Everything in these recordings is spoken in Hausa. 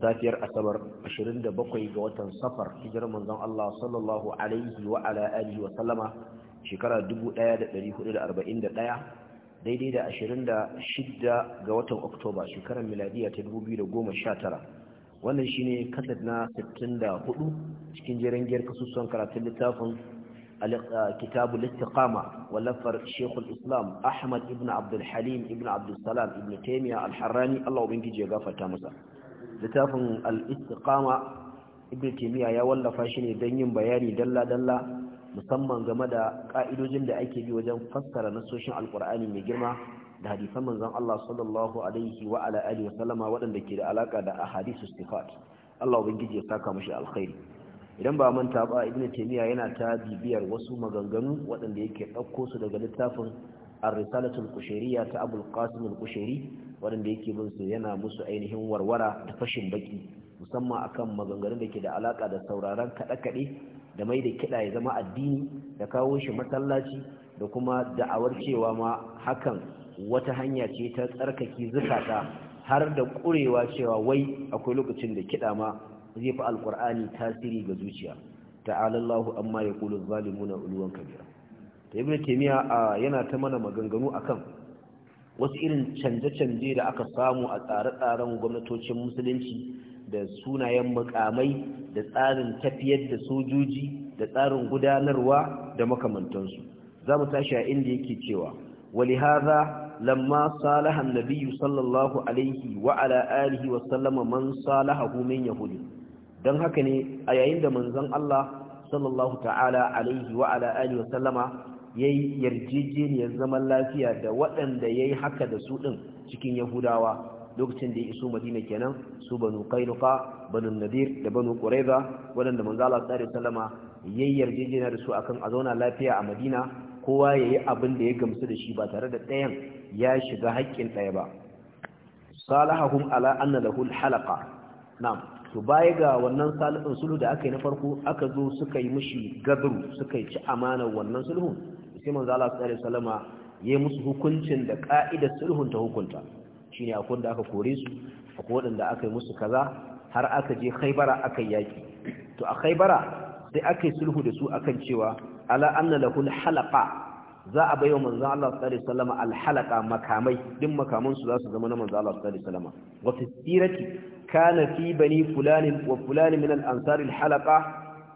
safiyar asabar 27 ga watan safar hijirar manzon Allah sallallahu alaihi wa ala alihi wa sallama shekara 1441 daidai da 26 ga watan oktoba shekarar miladiya ta 2019 wannan shine kasad na 64 cikin jirangiyar giyar kasusuwan karatun littafin كتاب الاستقامة ولفر شيخ الإسلام أحمد ابن عبد الحليم ابن عبد السلام ابن تيمية الحراني ya وبنك جيغافة masa. littafin al-istiqama ibn taymiya ya wallafa shi ne don yin bayani dalla dalla musamman game da ka'idojin da ake bi wajen fassara nasoshin alqur'ani mai girma da hadisan manzon Allah sallallahu alaihi wa wa waɗanda ke da alaka da ahadisu sifat Allah ubangiji ya saka mushi alkhairi idan ba manta ba ibn taymiya yana ta bibiyar wasu maganganu waɗanda yake ɗauko su daga littafin ar-risalatul qushayriyya ta abul qasim al-qushairi waɗanda yake bin su yana musu ainihin warwara da fashin baki musamman akan maganganun da ke da alaka da sauraron kaɗe-kaɗe da mai da kiɗa ya zama addini da kawo shi masallaci da kuma da'awar cewa ma hakan wata hanya ce ta tsarkaki zukata har da ƙurewa cewa wai akwai lokacin da kiɗa ma zai fi alƙur'ani tasiri ga zuciya ta'alallahu amma ya kulu zalimuna uluwan kabira ta ibn taymiya yana ta mana maganganu akan wasu irin canje-canje da aka samu a tsare-tsaren gwamnatocin musulunci da sunayen makamai da tsarin tafiyar da sojoji da tsarin gudanarwa da makamantansu za mu tashi a inda yake cewa walihaza haza lamma salaha nabiyyu sallallahu alaihi wa ala alihi wa sallama man salahahu min yahudi don haka ne a yayin da manzon Allah sallallahu ta'ala alaihi wa ala alihi wa sallama ya yi yarjejeniyar zaman lafiya da waɗanda ya yi haka da su ɗin cikin yahudawa lokacin da ya iso madina kenan su banu kainuka banu nadir da banu ƙuraiza waɗanda manzala tsari salama ya yi yarjejeniya da su akan a zauna lafiya a madina kowa ya yi abin da ya gamsu da shi ba tare da ɗayan ya shiga haƙƙin ɗaya ba salahahum ala anna lahu halaqa na'am to baya ga wannan salifin sulhu da aka yi na farko aka zo suka yi mishi gadru suka yi ci amanar wannan sulhun sai manzo Allah sallallahu alaihi wasallama yayi musu hukuncin da ka'idar sulhun ta hukunta shine akwai wanda aka kore su akwai wanda aka yi musu kaza har aka je Khaybara aka yaki to a Khaybara sai aka yi sulhu da su akan cewa ala anna lahul halaqa za a bayo manzo Allah sallallahu alaihi wasallama al halaqa makamai din makaman su za su zama na manzo Allah sallallahu alaihi wasallama wa fi sirati kana fi bani fulan wa fulan min al ansar al halaqa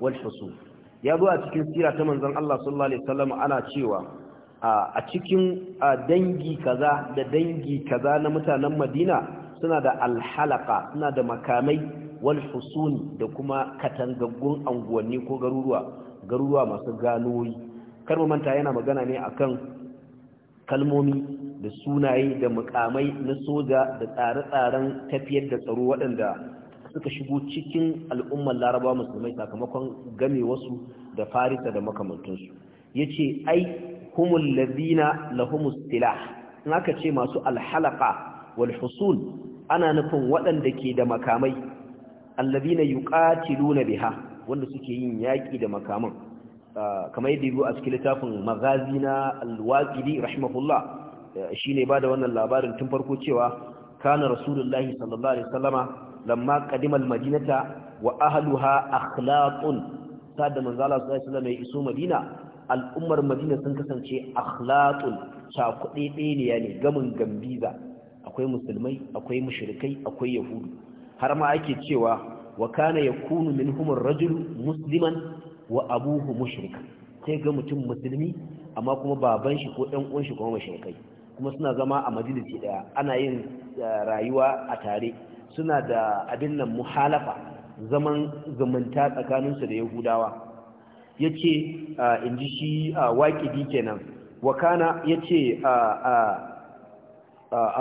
wal husuf ya zo a cikin sira ta manzon Allah sallallahu alaihi wasallam ana cewa a cikin dangi kaza da dangi kaza na mutanen Madina suna da alhalaka suna da makamai wal husuni da kuma katangaggun anguwanni ko garuruwa garuruwa masu ganoyi kar mu manta yana magana ne akan kalmomi da sunaye da mukamai na soja da tsare-tsaren tafiyar da tsaro waɗanda suka shigo cikin al'ummar laraba musulmai sakamakon game wasu da farisa da makamantansu ya ce ai humul lazina lahumus silah in aka ce masu alhalaka wal husul ana nufin waɗanda ke da makamai allazina yuqatiluna biha wanda suke yin yaƙi da makaman ah, kamar yadda yiwu a cikin littafin magazi na alwaqidi rahimahullah eh, shine ba da wannan labarin tun farko cewa kana rasulullahi sallallahu alaihi wasallama lamma qadima almadinata wa ahluha akhlaqun sada manzo Allah ya iso madina al'ummar madina sun kasance akhlaqun cha kudi ne yani gamin akwai musulmai akwai mushrikai akwai yahudu har ma ake cewa wa kana yakunu minhum ar-rajulu musliman wa abuhu mushrikan sai ga mutum musulmi amma kuma baban shi ko ɗan uwan shi kuma mushrikai kuma suna zama a majalisi daya ana yin eh, rayuwa a tare suna da abin nan muhalafa zaman zumunta tsakaninsu da yahudawa ya ce eh, in ji shi eh, waƙidi kenan wakana ya ce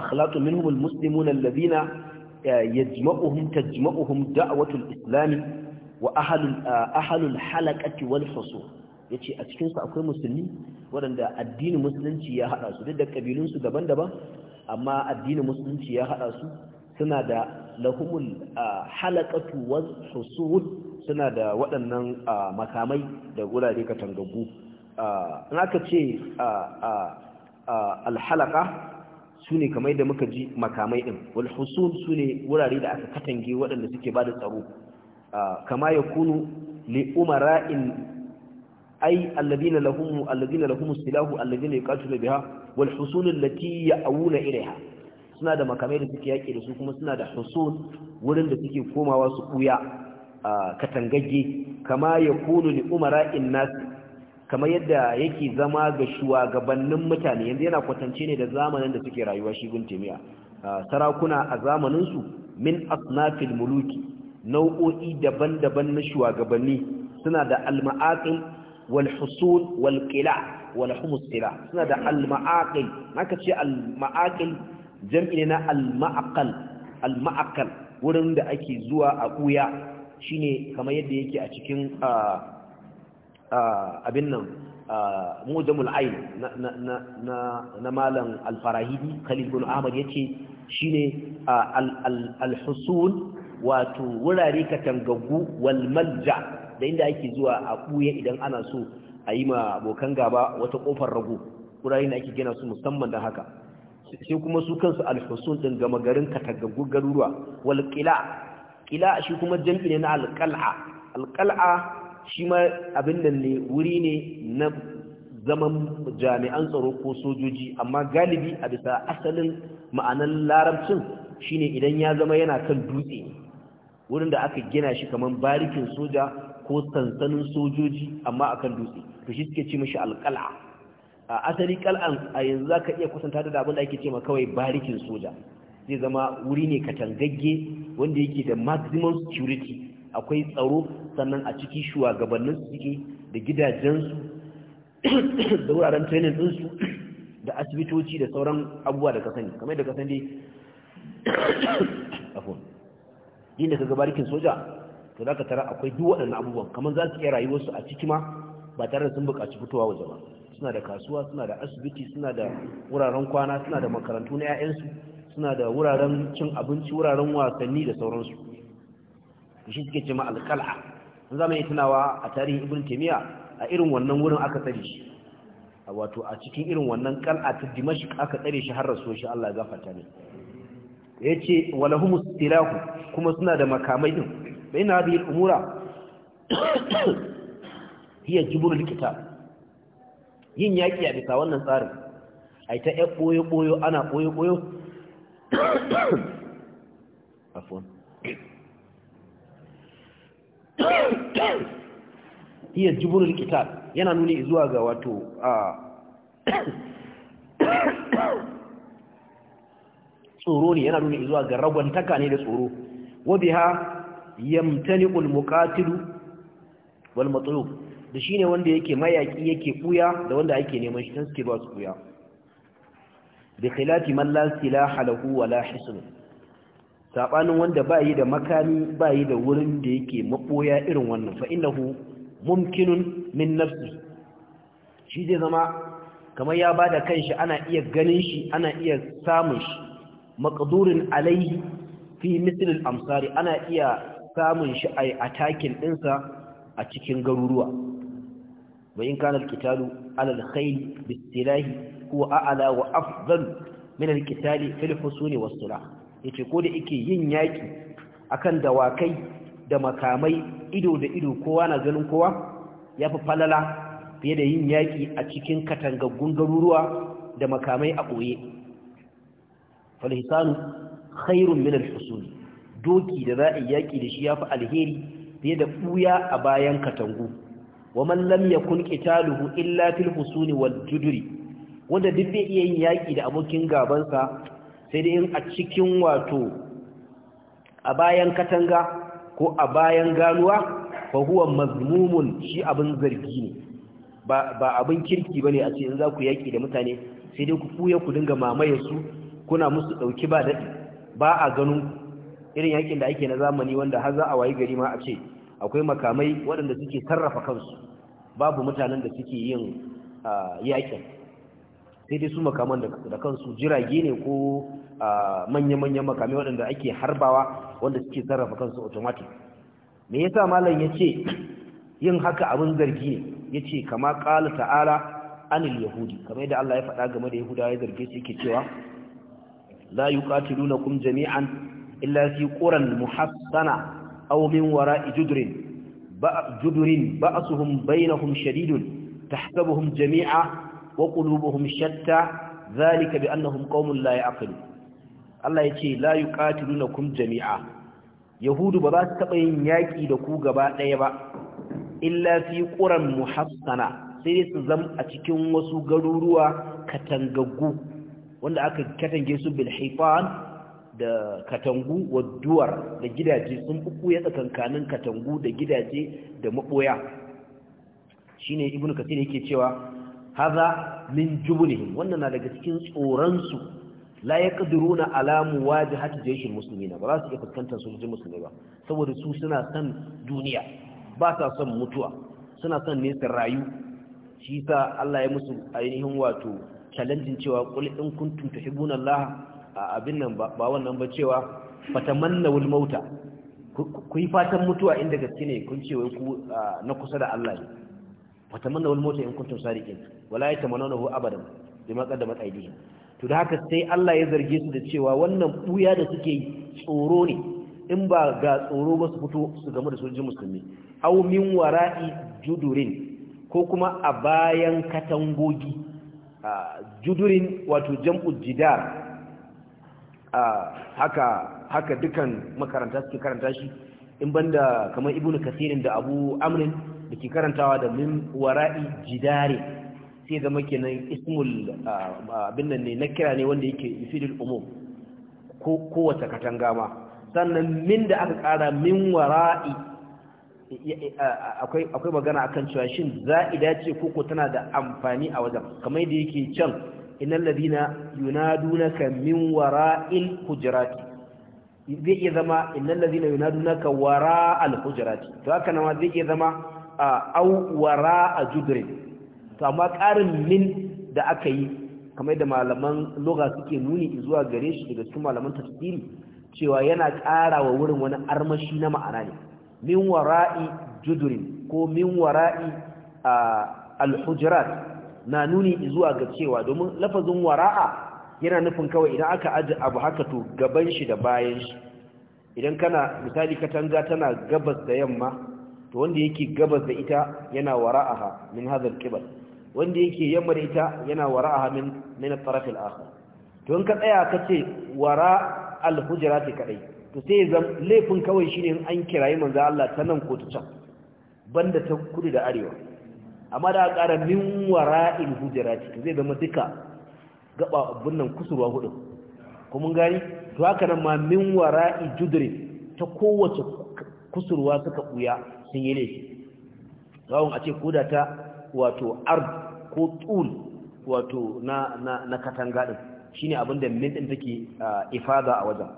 akhlatu minhumul muslimun allazina yajma'uhum tajma'uhum da'watul islami wa ahlul ahlul wal faso. ya ce a cikinsu akwai musulmi waɗanda addinin musulunci ya haɗa su duk da ƙabilunsu daban-daban amma addinin musulunci ya haɗa su suna da lahumul halakatu wal husud suna da waɗannan makamai da wurare katangagu in aka ce alhalaka su ne kamar da muka ji makamai ɗin wal husud su ne wurare da aka katange waɗanda suke ba da tsaro kama ya kunu li umara'in أي الذين لهم الذين لهم السلاح الذين يقاتلون بها والحصون التي يأوون إليها suna da makamai da suke yaƙi da su kuma suna da husun wurin da suke komawa su ɓuya Katangage, kama ya kunu ni umara in nasi kamar yadda yake zama ga shugabannin mutane yanzu yana kwatance ne da zamanin da suke rayuwa shi gun temiya sarakuna a zamaninsu min asnafil muluki nau'o'i daban-daban na shugabanni suna da alma'aƙin. wal husul wal qila wal humus qila suna da al ma'aqil maka ce al ma'aqil jam'i ne na al ma'aqal wurin da ake zuwa a shine kamar yadda yake a cikin abin nan mujamul ayn na malam alfarahidi farahidi khalil bin ahmad yace shine al-husul wato wurare katangaggu wal malja da inda ake zuwa a ɓuya idan ana so a yi ma abokan gaba wata ƙofar rago wurare da ake gina su musamman da haka sai kuma su kansu alfasun ɗin gama garin katagaggu garuruwa Walƙila. ƙila shi kuma jam'i ne na alƙal'a alƙal'a shi ma abin nan ne wuri ne na zaman jami'an tsaro ko sojoji amma galibi a bisa asalin ma'anar larabcin shine idan ya zama yana kan dutse wurin da aka gina shi kamar barikin soja ko sansanin sojoji amma akan dutse to shi suke ce mashi alƙal'a a asali kal'an a yanzu za ka iya kusanta da abin da ake ce ma kawai barikin soja zai zama wuri ne katangagge wanda yake da maximum security akwai tsaro sannan a ciki shugabannin su suke da gidajensu da wuraren training ɗinsu da asibitoci da sauran abubuwa da kasani kamar da kasani Yin da ka ga barikin soja to za ka tara akwai duk waɗannan abubuwan kamar za su iya rayuwarsu a ciki ma ba tare da sun buƙaci fitowa waje ba suna da kasuwa suna da asibiti suna da wuraren kwana suna da makarantu na 'ya'yansu suna da wuraren cin abinci wuraren wasanni da sauransu shi suke ce ma alƙal'a an zama yi tunawa a tarihin ibn taimiyya a irin wannan wurin aka tsare shi a wato a cikin irin wannan kal'a ta dimashik aka tsare shi har rasuwar shi allah ya gafarta ne ya ce walahumus tilahu kuma suna da makamai din فإن هذه الأمور هي جبر الكتاب yin yaƙi a bisa wannan tsarin a ita ‘yan ɓoyo-ɓoyo ana ɓoyo-ɓoyo iya jiburin kitab yana nuni zuwa ga wato a tsoro ne yana nuni zuwa ga ragwantaka ne da tsoro wabi ha yamtani'ul muqatilu wal matlub da shine wanda yake mayaki yake kuya da wanda ake neman shi dan suke ba su kuya bi khilafi man la silaha lahu wa la hisn sabanin wanda ba yi da makami ba yi da wurin da yake maboya irin wannan fa innahu mumkinun min nafsi shi zai zama kamar ya bada kanshi ana iya ganin shi ana iya samun shi maqdurun alaihi fi mithl al-amsari ana iya samun shi a atakin ɗinsa a cikin garuruwa wa in kana alkitalu alal khayl bisilahi huwa a'la wa afdal min alkitali fil husuli was yace ko da yake yin yaki akan dawakai da makamai ido da ido kowa na ganin kowa yafi falala fiye da yin yaki a cikin katangaggun garuruwa da makamai a boye fal hisanu min alhusuli doki da za a yaƙi da shi ya fi alheri fiye da ɓuya a bayan katangu wa man kun ƙita qitaluhu illa fil husuni wal juduri wanda duk bai iya yin yaƙi da abokin gabansa sai dai a cikin wato a bayan katanga ko a bayan ganuwa fa huwa mazmumun shi abin zargi ne ba abin kirki bane a ce in za ku yaƙi da mutane sai dai ku fuya ku dinga mamaye su kuna musu ɗauki ba dadi ba a ganin irin yakin da ake na zamani wanda har za a wayi gari ma a ce akwai makamai waɗanda suke sarrafa kansu babu mutanen da suke yin yakin sai dai su makaman da kansu jirage ne ko manya-manyan makamai waɗanda ake harbawa wanda suke sarrafa kansu automatic me yasa malam ya ce yin haka abin zargi ne ya ce kama ƙala ta'ala anil yahudi kamar yadda Allah ya faɗa game da yahudawa ya zarge su yake cewa la yuqatilunakum jami'an illa fi quran muhassana aw min wara'i judrin ba'judrin ba'suhum bainahum shadidun tahsabuhum jami'a wa qulubuhum shatta dhalika bi annahum qaumun la ya'qilun Allah yace la yuqatilunakum jami'a yahudu ba za su taɓa yin yaƙi da ku gaba ɗaya ba illa fi quran muhassana sai su zam a cikin wasu garuruwa katangaggu wanda aka katange su bil hifan da katangu wa da gidaje sun buku ya tsakankanin katangu da gidaje da maboya shine ibnu kasir yake cewa haza min jubulihim wannan na daga cikin tsoronsu, tsoran na alamu waje ala jeshin musulmi na ba za su iya fuskantar sojojin musulmi ba saboda su suna son duniya ba sa son mutuwa suna son nesa rayu shi sa Allah ya musu ainihin wato challenging cewa kulɗin kuntun kuntum tuhibbuna abin nan ba wannan ba cewa fatamanna wal mauta ku yi fatan mutuwa inda gaske ne kun ce wai ku na kusa da Allah ne fatamanna wal mauta in kuntum sadiqin wala yatamannahu abadan ma qaddamat aydihim to da haka sai Allah ya zarge su da cewa wannan buya da suke tsoro ne in ba ga tsoro ba su fito su gamu da sojin musulmi aw min wara'i judurin ko kuma a bayan katangogi judurin wato jam'u jidar haka haka dukan makaranta suke karanta shi in banda kamar ibnu kasirin da abu amrin da ke karantawa da min wara'i Jidare. sai zama kenan ismul abin nan ne na kira ne wanda yake ifidul umum ko kowace katanga ma sannan min da aka kara min wara'i akwai magana akan cewa shin za'ida ce koko tana da amfani a wajen kamar da yake can innal ladina yunadunaka min wara'il hujurati zai iya zama innal ladina yunadunaka wara'al hujurati to haka nan zai iya zama a au wara'a judrin to amma ƙarin min da aka yi kamar da malaman lugha suke nuni zuwa gare shi daga cikin malaman tafsiri cewa yana ƙara wa wurin wani armashi na ma'ana ne min wara'i judurin ko min wara'i al-hujurat na nuni zuwa ga cewa domin lafazin wara'a yana nufin kawai idan aka aji abu haka to gaban shi da bayan shi idan kana misali katanga tana gabas da yamma to wanda yake gabas da ita yana wara'aha min hadhal qibal wanda yake yamma da ita yana wara'aha min min al-taraf al-akhar to in ka tsaya ka ce wara al-hujurati kadai to sai zan laifin kawai shine an kirayi manzo Allah ta nan ko ta can banda ta kudu da arewa amma da ƙara min wara'il hujjarati zai zama duka gaba abun nan kusurwa hudu kuma gani to haka nan ma min wara'i judri ta kowace kusurwa suka buya sun yi laifi zawon a ce koda ta wato ard ko tul wato na na katanga din shine abin da min din take ifada a wajen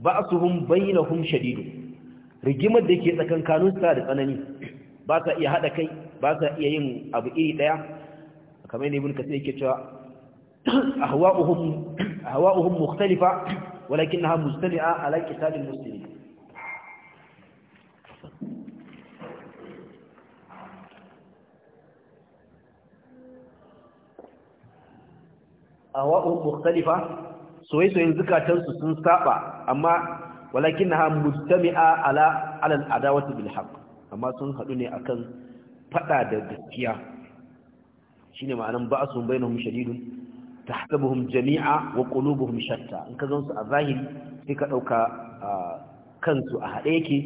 bayyana bainahum shadidu rigimar da yake tsakan kanunsa da tsanani ba ka iya haɗa kai ba sa iya yin abu iri daya kamar yadda ibn kasir yake cewa ahwa'uhum ahwa'uhum mukhtalifa walakinaha mustami'a ala qitalil muslimin ahwa'uhum mukhtalifa soyayyen zukatansu sun saba amma walakinaha mustami'a ala ala al-adawati bil haqq amma sun hadu ne akan fada da gaskiya shine ma'anan ba'sun bainahum shadidun tahsabuhum jami'a wa qulubuhum shatta in ka gansu a zahiri sai ka dauka kansu a haɗe yake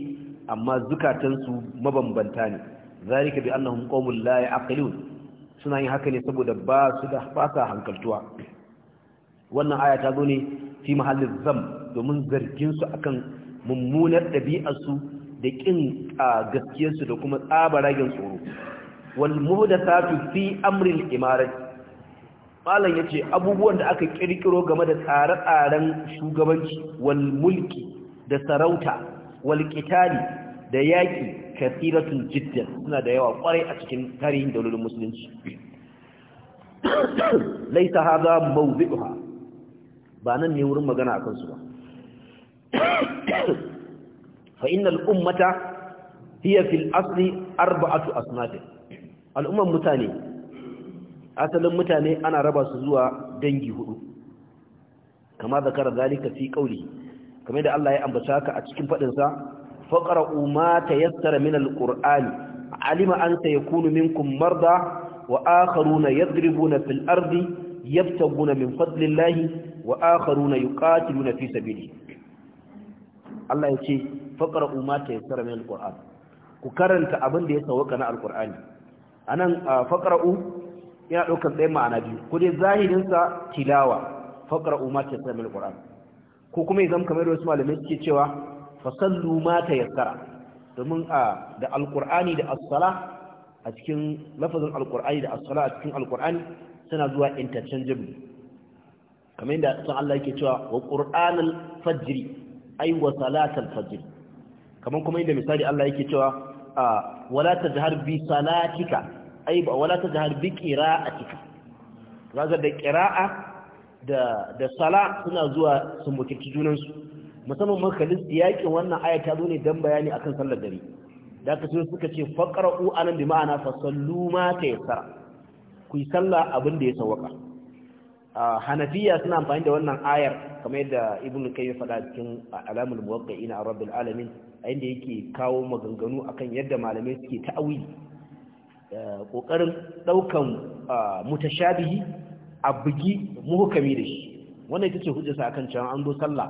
amma zukatansu mabambanta ne ka bi annahum qawmun la suna yin haka ne saboda ba su da fasa hankaltuwa wannan aya ta zo ne fi mahallin zam domin zargin su akan mummunar ɗabi'arsu da kin gaskiyarsu da kuma tsaba tsabaragen tsoro wal muhdathatu fi amril imarati malam yace abubuwan da aka ƙirƙiro game da tsare-tsaren shugabanci wal da sarauta wal qitali da yaki kasiratun jiddan suna da yawa kwarai a cikin tarihin dalolin musulunci laita haza mawdu'uha ba nan ne wurin magana a kansu ba fa innal ummata hiya fil asli arba'atu asnaf al'umman mutane asalin mutane ana raba su zuwa dangi hudu kama zakara zalika fi qawli kamar da Allah ya ambata haka a cikin fadin sa faqra'u umata yassara min al-qur'ani alima an sayakunu minkum marda wa akharuna yadribuna fil ardi yabtaguna min fadlillahi wa akharuna yuqatiluna fi sabilihi Allah ya ce faqra'u ma tayassara min alquran ku karanta abin da ya sauka na alqurani anan u yana daukar tsayin ma'ana biyu ku dai zahirin sa tilawa faqra'u ma tayassara min alquran ku kuma kamar wasu malamai suke cewa fasallu ma tayassara domin a da alqurani da as a cikin lafazin alkurani da as a cikin alkur'ani suna zuwa interchangeable kamar yadda san Allah yake cewa wa qur'anal fajiri ay wa salatul fajr kamar kuma inda misali Allah yake cewa wala jahar bi salatika ai ba wala jahar bi qira'atika kaga da qira'a da da sala suna zuwa su mutunci junan su musamman makalis yakin wannan aya ta zo ne dan bayani akan sallar dare da ka so suka ce faqra'u anan bi ma'ana fasallu ma tayassara ku yi sallah abin da ya sawaka hanafiya suna amfani da wannan ayar kamar yadda ibn kayyim faɗa cikin alamul muwaqqi'ina rabbil alamin a inda yake kawo maganganu akan yadda malamai suke ta'awili kokarin eh, daukan ah, mutashabihi a bugi muhukami da shi wannan ita ce sa akan cewa an zo sallah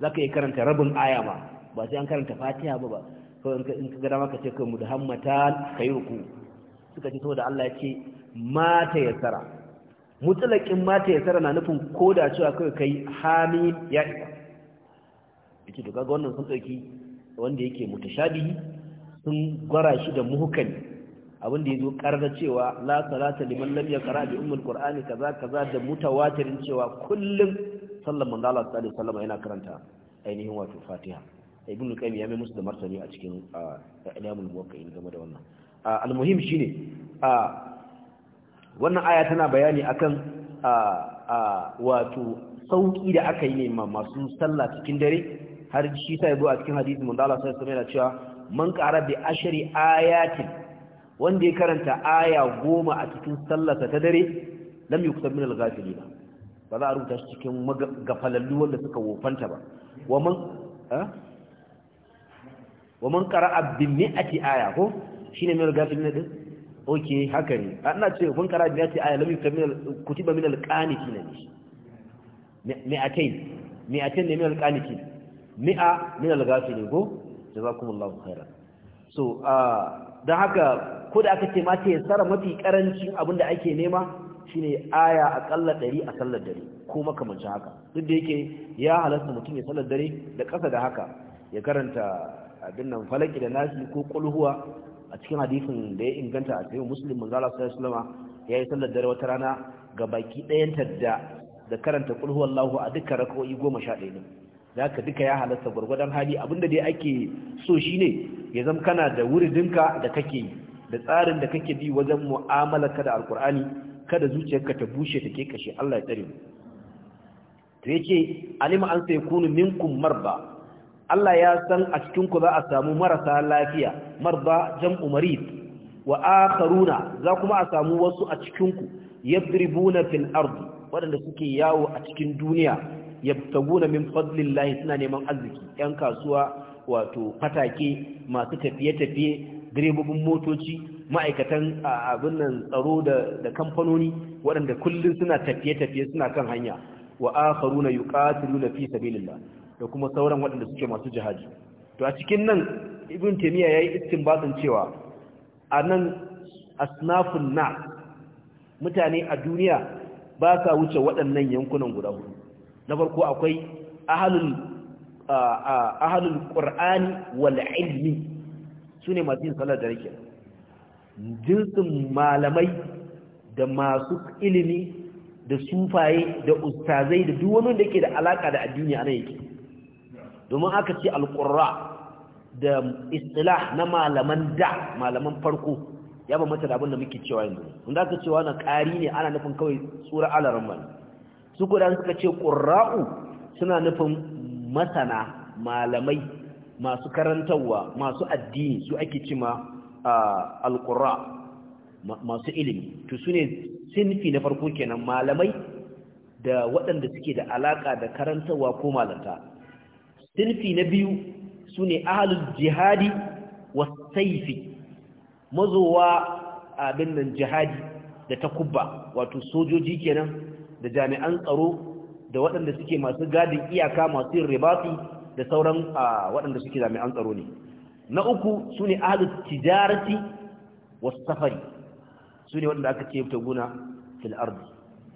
zaka yi karanta rabin aya ma ba sai an karanta fatiha ba ba in ka gada maka ce kai mudahammata kai ruku suka ce saboda Allah ya ce mata yasara mutlakin mata yasara na nufin koda cewa kai kai hamid ya isa yace to kaga wannan sun dauki wanda yake mutashabihi sun gwara shi da muhukani abinda ya zo karar cewa la salata liman lam yaqra bi ummul qur'ani kaza kaza da mutawatirin cewa kullum sallallahu alaihi Allah sallallahu alaihi yana karanta ainihin wato Fatiha ibn qayyim ya mai musu da martani a cikin ilamul muwaqqi'in game da wannan almuhim shine wannan aya tana bayani akan wato sauki da aka yi ne masu sallah cikin dare har shi sai zo a cikin hadisi manzo Allah sai sai cewa man qara bi ashri ayatin wanda ya karanta aya goma a cikin sallarsa ta dare lam yuktab min al-ghafilin ba za a rubuta shi cikin gafalallu wanda suka wofanta ba wa man wa man qara'a bi mi'ati aya ko shine min al-ghafilin din oke haka ne ana ce kun kara bi mi'ati aya min kutiba min al-qanitin ne mi'atain mi'atain ne min al-qanitin mi'a min al-ghafilin go jazakumullahu khairan so dan haka ko da aka ce ma ce sara mafi karancin da ake nema shine aya akalla 100 a sallar dare ko makamancin haka duk da yake ya halasta mutum ya sallar dare da kasa da haka ya karanta abin nan falaki da nasi ko kulhuwa a cikin hadisin da ya inganta a cikin muslim manzo Allah sallallahu alaihi wasallam yayi sallar dare wata rana ga baki ɗayan da da karanta qulhuwallahu a dukkan rak'o'i 11 din za ka duka ya halatta gwargwadon hali abinda dai ake so shi ne ya zama kana da wuridinka da kake yi da tsarin da kake bi wajen mu'amalarka da alkur'ani kada zuciyarka ta bushe ta ke kashe Allah ya tsare mu to alima an sai kunu minkum marba Allah ya san a cikinku za a samu marasa lafiya marba jam'u marid wa akharuna za kuma a samu wasu a cikin ku yadribuna fil ardi waɗanda suke yawo a cikin duniya yabtaguna min fadlillahi suna neman arziki yan kasuwa wato fatake masu tafiye-tafiye direbobin motoci ma'aikatan abin nan tsaro da kamfanoni waɗanda kullum suna tafiye-tafiye suna kan hanya wa akharuna yuqatiluna fi sabilillah da kuma sauran waɗanda suke masu jihadi to a cikin nan ibn taymiya yayi istinbatin cewa anan asnafun na mutane a duniya ba sa wuce waɗannan yankunan guda hudu na farko akwai ahalul ƙur'ani wal ilmi su ne masu yin salar da rike jinsin malamai da masu ilimi da sufaye da ustazai da duk wani da ke da alaƙa da addini a nan yake domin aka ce alƙurra da istilah na malaman da malaman farko ya ba mata da abin da muke cewa yanzu Da aka cewa na ƙari ne ana nufin kawai tsura alarin mani su guda suka ce ƙura'u suna nufin masana malamai masu karantarwa masu addini su ake cima alƙura masu ilimi to su ne sinfi na farko kenan malamai da waɗanda suke da alaƙa da karantarwa ko malanta sinfi na biyu su ne ahalul jihadi wa saifi mazowa abin nan jihadi da takubba wato sojoji kenan da jami'an tsaro da waɗanda suke masu gadin iyaka masu yin ribafi da sauran waɗanda suke jami'an tsaro ne na uku su ne ahalus tijarati wasu safari su ne waɗanda aka ce ya taguna fil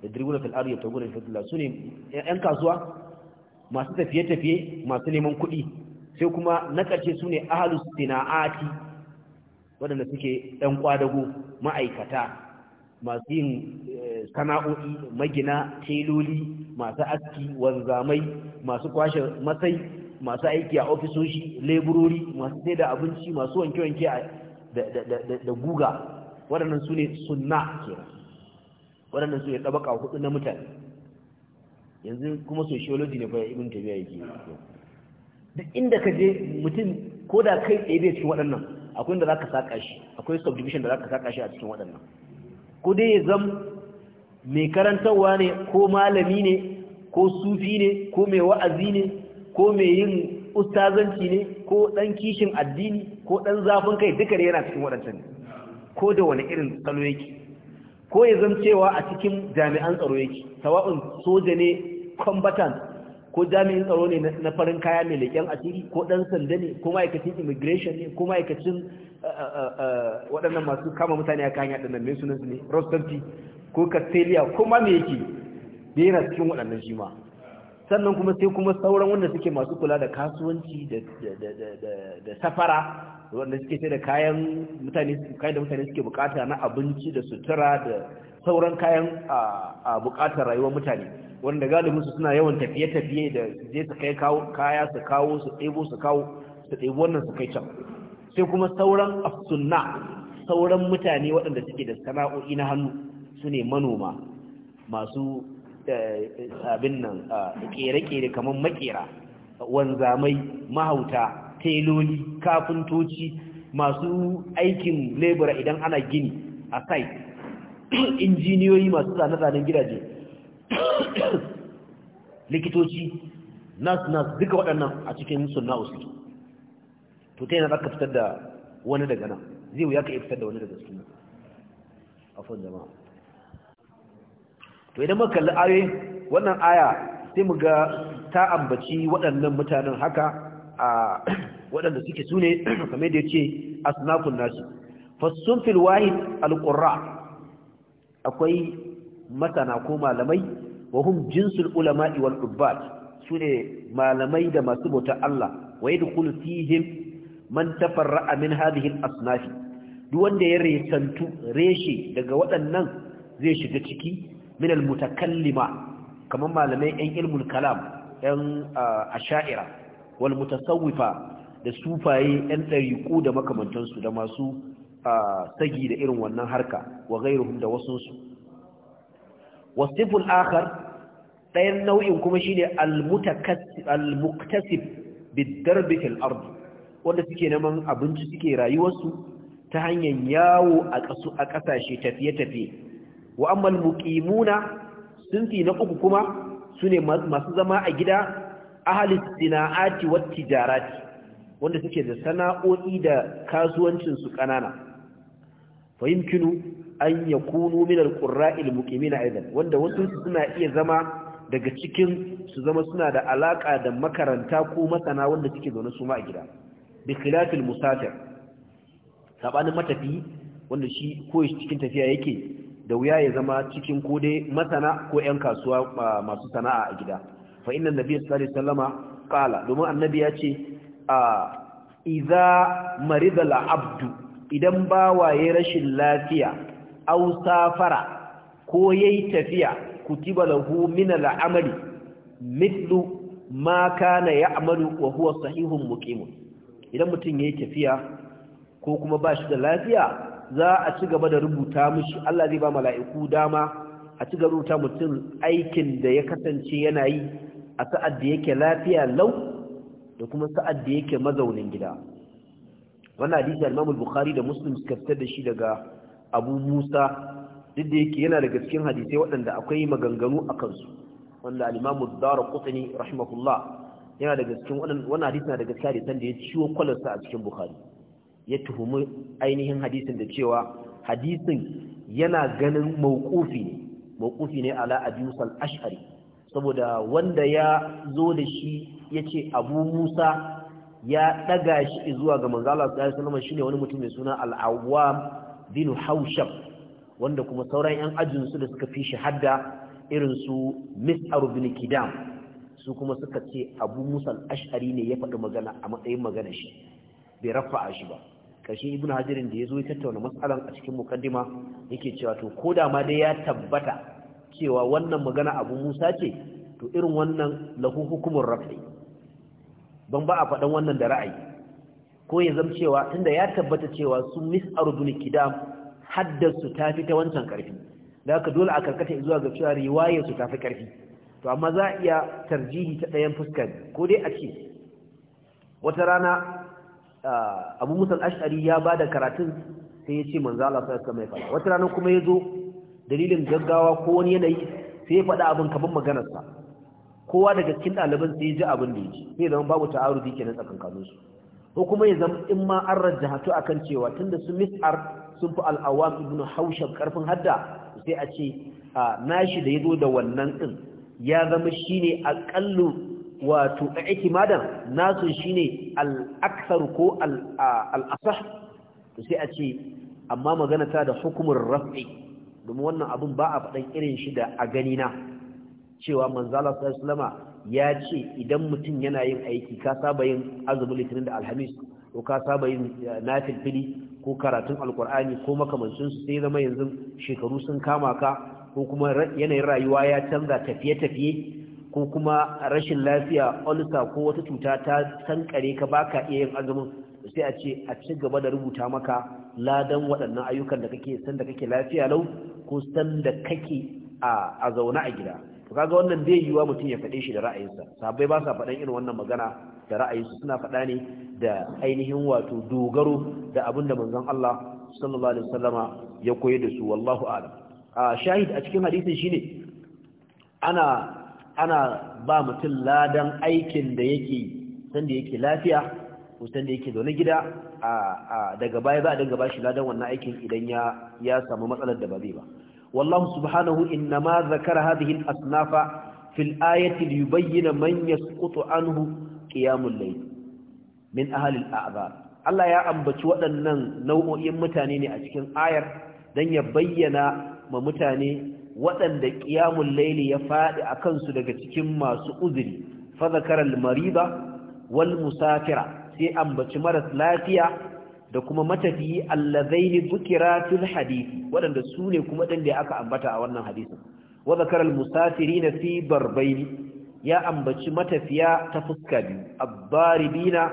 da dirguna fil ya taguna fil su ne ‘yan kasuwa masu tafiye-tafiye masu neman kuɗi sai kuma na ƙarshe su ne ahalus sina'ati waɗanda suke ɗan ƙwadago ma'aikata masu yin eh, sana'o'i magina teloli masu aski wanzamai masu kwashe matsayi masu aiki a ofisoshi leburori masu sai da abinci masu wanke-wanke da guga waɗannan su ne sunna ke waɗannan su ne ɗabaƙa hudu na mutane yanzu kuma sociology ne bayan ibn tabiya yake duk inda ka je mutum ko da kai tsaye bai cikin waɗannan akwai inda za ka saƙa shi akwai subdivision da za ka saƙa shi a cikin waɗannan ko dai ya zama mai karantarwa ne ko malami ne ko sufi ne ko mai wa'azi ne ko mai yin ustazanci ne ko ɗan kishin addini ko ɗan zafin kai duka yana cikin waɗancan ko da wani irin tsaro yake ko ya zama cewa a cikin jami'an tsaro yake sawa'un soja ne combatant ko jami'in tsaro ne na farin kaya mai leƙen asiri ko ɗan sanda ne ko ma'aikacin immigration ne ko ma'aikacin eh, eh, eh, waɗannan masu kama mutane a kayan yaɗa mai sunan su ne rostanti ko castelia ko ma me yake da yana cikin waɗannan shi ma sannan kuma sai kuma sauran wanda suke masu kula da kasuwanci da safara wanda suke sai da kayan mutane kayan da mutane suke bukata na abinci da sutura da sauran kayan a ah, ah, bukatar rayuwar mutane wanda su suna yawan tafiye-tafiye da je su kai kaya su kawo su ɗebo su kawo su ɗebo wannan su kai can sai kuma sauran afsunna sauran mutane waɗanda suke da sana'o'i na hannu su ne manoma masu sabin eh, nan ƙere-ƙere kamar makera wanzamai mahauta teloli kafintoci masu aikin lebura idan ana gini a site injiniyoyi masu zane-zanen gidaje likitoci nas nas duka waɗannan a cikin sunna usul to ta yana ɗaka fitar da wani daga nan zai wuya ka iya fitar da wani daga a fun jama'a to idan muka kalli wannan aya sai mu ga ta ambaci waɗannan mutanen haka a waɗanda suke sune kamar da a asnafun nasu fasun fil wahid alqurra akwai masana ko malamai wa hum jinsul ulama'i wal ubbat sune malamai da masu bauta Allah wa yadkhulu fihim man tafarra'a min hadhihi al asnaf duk wanda ya resantu reshe daga waɗannan zai shiga ciki min al mutakallima kamar malamai ɗan ilmul kalam ɗan asha'ira wal mutasawwifa da sufaye ɗan ɗariƙu da makamantansu da masu sagi da irin wannan harka wa gairuhum da wasunsu wasiful akhar ɗayan nau'in kuma shine al-muktasib bid-darbi fil ard wanda suke neman abinci suke rayuwarsu ta hanyar yawo a kasu a kasashe tafiye-tafiye wa amma al-muqimuna na uku kuma sune masu zama a gida ahli sina'ati wat tijarati wanda suke da sana'o'i da kasuwancin su kanana fa yumkinu an ya kunu min alqurra'il muqimin aidan wanda wasu suna iya zama daga cikin su zama suna da alaƙa da makaranta ko masana wanda suke zaune su ma a gida bi khilafil musafir sabanin matafi wanda shi ko cikin tafiya yake da wuya ya zama cikin ko dai masana ko yan kasuwa masu sana'a a gida fa inna nabi sallallahu alaihi wasallama qala domin annabi ya ce a idza marida abdu idan bawa ya rashin lafiya aw safara ko yayi tafiya kutiba lahu min al-amali mithlu ma kana ya'malu wa huwa sahihun muqim idan mutum yayi tafiya ko kuma ba shi da lafiya za a ci gaba da rubuta mishi Allah zai ba mala'iku dama a ci gaba rubuta mutum aikin da ya kasance yana yi a sa'ad da yake lafiya lau da kuma sa'ad da yake mazaunin gida wannan hadisi al-Imam al-Bukhari da Muslim suka fitar da shi daga abu musa duk da yake yana daga cikin hadisai waɗanda akwai maganganu a kansu wanda alimamu dara kutsani rahimahullah yana daga cikin wannan hadisi na daga cikin da ya ciwo kwalarsa a cikin bukhari ya tuhumi ainihin hadisin da cewa hadisin yana ganin mawqufi ne mawqufi ne ala abiyusal ash'ari saboda wanda ya zo da shi yace abu musa ya daga shi zuwa ga Manzala, Allah sallallahu alaihi wasallam shine wani mutum mai suna al-awwam binu haushab wanda kuma sauran yan ajin su da suka fi shi hadda irin su mis'ar bin kidam su kuma suka ce abu musa ashari ne ya faɗi magana a matsayin magana shi bai rafa a shi ba kashi ibnu hadirin da ya zo ya tattauna matsalan a cikin mukaddima yake cewa to ko da ma dai ya tabbata cewa wannan magana abu musa ce to irin wannan lahu hukumar rafi ban ba a faɗan wannan da ra'ayi ko ya zama cewa tunda ya tabbata cewa su mis'ar bin kidam haddasu ta fi ta wancan karfi da haka dole a karkata zuwa ga cewa riwayar su ta fi karfi to amma za a iya tarjihi ta ɗayan fuskar ko dai a ce wata rana abu musul ash'ari ya ba da karatun sai ya ce manzo Allah sai mai fara wata rana kuma ya zo dalilin gaggawa ko wani yanayi sai ya faɗa abin kamar maganarsa kowa daga cikin ɗaliban sai ya ji abin da ya ji sai zama babu ta'arudi kenan tsakankaninsu ko kuma ya zama in ma an rajahatu akan cewa tunda su mis'ar sun fi al'awam ibn haushab karfin hadda sai a ce nashi da ya zo da wannan din ya zama shine aqallu wato i'timadan nasu shine ne al'aksar ko al sai a ce amma magana ta da hukumar raf'i domin wannan abin ba a faɗan irin shi da a gani na cewa manzala sallallahu alaihi wasallama ya ce idan mutum yana yin aiki ka saba yin azumin litinin da alhamis ko ka saba yin eh, nafil fili ko karatun alkur'ani ko makamancin su sai zama yanzu shekaru sun kama ka ko kuma yanayin rayuwa ya canza tafiye-tafiye ko kuma rashin lafiya olisa ko wata cuta ta sankare ka baka iya yin azumin sai a ce a ci gaba da rubuta maka ladan waɗannan ayyukan da kake san kake lafiya lau ko san kake a zaune a gida to kaga wannan bai yiwa mutum ya faɗe shi da ra'ayinsa sabai ba sa faɗan irin wannan magana da ra'ayinsu suna faɗa ne da ainihin wato dogaro da abin da manzon Allah sallallahu alaihi wasallama ya koyar da su wallahu a'lam a shahid a cikin hadisin shine ana ana ba mutum ladan aikin da yake da yake lafiya ko da yake zaune gida a daga baya za a dinga shi ladan wannan aikin idan ya ya samu matsalar da ba zai ba والله سبحانه إنما ذكر هذه الأصناف في الآية ليبين من يسقط عنه قيام الليل من أهل الأعذار الله يا أنبت وأنن نوء يمتانين أتكين آير دن يبين ممتاني وأن قيام الليل يفاد أكنس لكتكين ما سؤذري فذكر المريضة والمسافرة سي أنبت مرت لا فيها da kuma matafiyi allazaini zukira fil hadisi waɗanda su kuma ɗin da aka ambata a wannan hadisin wa zakara almusafirina fi barbaini ya ambaci matafiya ta fuska biyu abbaribina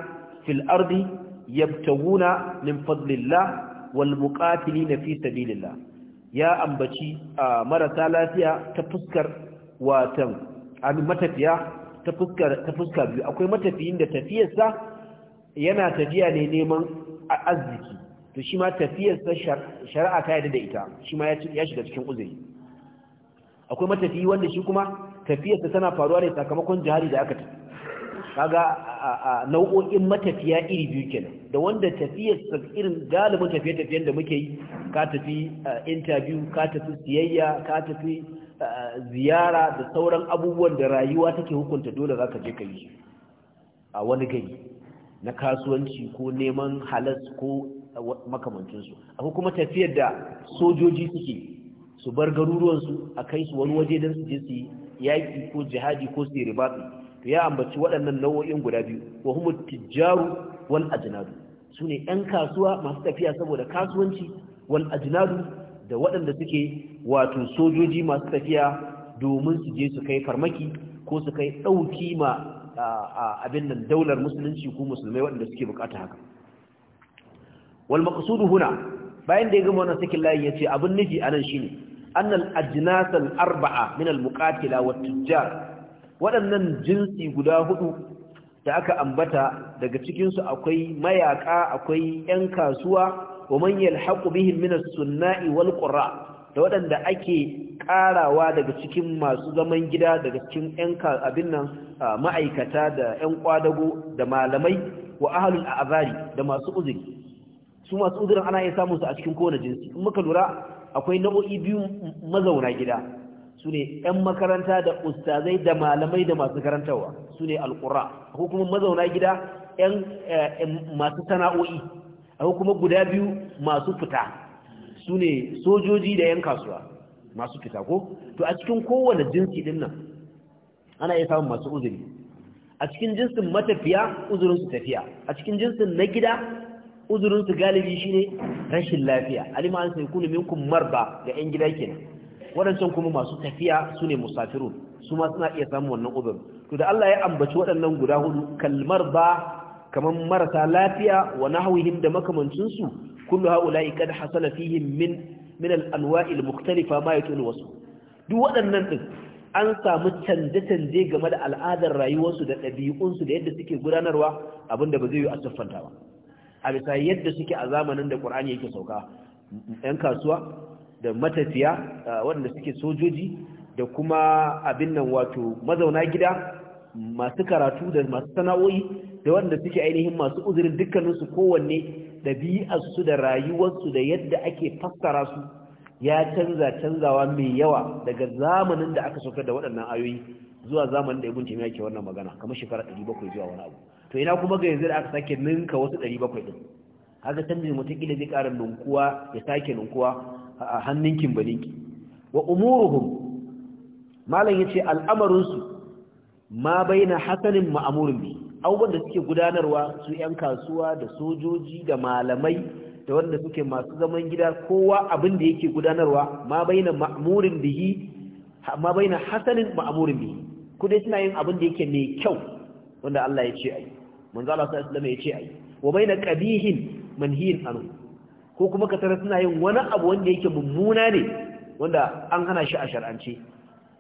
fil ardi yabtaguna min fadlillah wal muqatilina fi sabilillah ya ambaci marasa lafiya ta fuskar watan matafiya ta fuskar ta fuska biyu akwai matafiyin da tafiyarsa yana tafiya ne neman a arziki to shi ma tafiyarsa shari'a ta yadda da ita shi ma ya shiga cikin uzuri akwai matafiyi wanda shi kuma tafiyarsa tana faruwa ne sakamakon jihari da aka tafi kaga nau'o'in matafiya iri biyu kenan da wanda tafiyarsa irin galibin tafiye-tafiyen da muke yi ka tafi interview ka tafi siyayya ka tafi ziyara da sauran abubuwan da rayuwa take hukunta dole za ka je ka yi a wani gari na kasuwanci ko neman halas ko makamancinsu akwai kuma tafiyar da sojoji suke su bar garuruwansu a kai su wani waje don su je su yaƙi ko jihadi ko su ribaɓi to ya ambaci waɗannan nau'o'in guda biyu wa humu tijjaru wal ajnadu su ne 'yan kasuwa masu tafiya saboda kasuwanci wal ajnadu da waɗanda suke wato sojoji masu tafiya domin su je su kai farmaki ko su kai ɗauki ma abin nan daular musulunci ko musulmai waɗanda suke bukata haka wal maqsudu huna bayan da ya gama wannan sakin layin yace abin nufi anan shine annal ajnasal arba'a min al muqatila wat tujjar waɗannan jinsi guda hudu da aka ambata daga cikin su akwai mayaka akwai yan kasuwa wa man yalhaqu bihim min as sunna'i wal qura' da waɗanda ake ƙarawa daga cikin masu zaman gida daga cikin 'yan abin nan ma'aikata da 'yan kwadago da malamai wa ahalul azari da masu uzuri su masu uzurin ana iya samun su a cikin kowane jinsi in muka lura akwai nau'o'i biyu mazauna gida su ne 'yan makaranta da ustazai da malamai da masu karantarwa su ne alƙura ko kuma mazauna gida 'yan eh, masu sana'o'i ko kuma guda biyu masu fita su ne sojoji da yan kasuwa masu fita ko to a cikin kowane jinsi din nan ana iya samun masu uzuri a cikin jinsin matafiya uzurinsu tafiya a cikin jinsin na gida uzurinsu galibi shine rashin lafiya alima an sai kullu minkum marba ga yan gida kenan Wadancan kuma masu tafiya su ne musafirun su ma suna iya samun wannan uzuri to da Allah ya ambaci waɗannan guda hudu kalmar ba kamar marasa lafiya wa nahwihim da makamancinsu kullu haula'i kad hasala fihim min min al-anwa'il mukhtalifa ma yatul wasu duk waɗannan din an samu canje-canje game da al'adar rayuwarsu da ɗabi'unsu da yadda suke gudanarwa abinda ba zai yi a siffanta ba a bisa yadda suke a zamanin da ƙur'ani yake sauka ‘yan kasuwa da matafiya waɗanda suke sojoji da kuma abin nan wato mazauna gida masu karatu da masu sana'o'i da wanda suke ainihin masu uzurin dukkaninsu kowanne ɗabi'arsu da rayuwarsu da yadda ake fassara su ya canza canzawa mai yawa daga zamanin da aka saukar da waɗannan ayoyi zuwa zamanin da ibn taymiya ke wannan magana kamar shekara 700 zuwa wani abu to ina kuma ga yanzu da aka sake ninka wasu 700 din haka mutum mutakila zai ƙara ninkuwa ya sake ninkuwa a hannunkin baninki wa umuruhum malam yace al'amarinsu ma na hasanin ma'amurin bi abubuwan da suke gudanarwa su 'yan kasuwa da sojoji da malamai da wanda suke masu zaman gida kowa abin da yake gudanarwa ma baina ma'murin bihi ma baina hasanin ma'murin bihi ku dai suna yin abin da yake mai kyau wanda Allah ya ce ai manzo Allah sallallahu alaihi ya ce ai wa baina qabihin manhiin anhu ko kuma ka tare suna yin wani abu wanda yake mummuna ne wanda an hana shi a shar'ance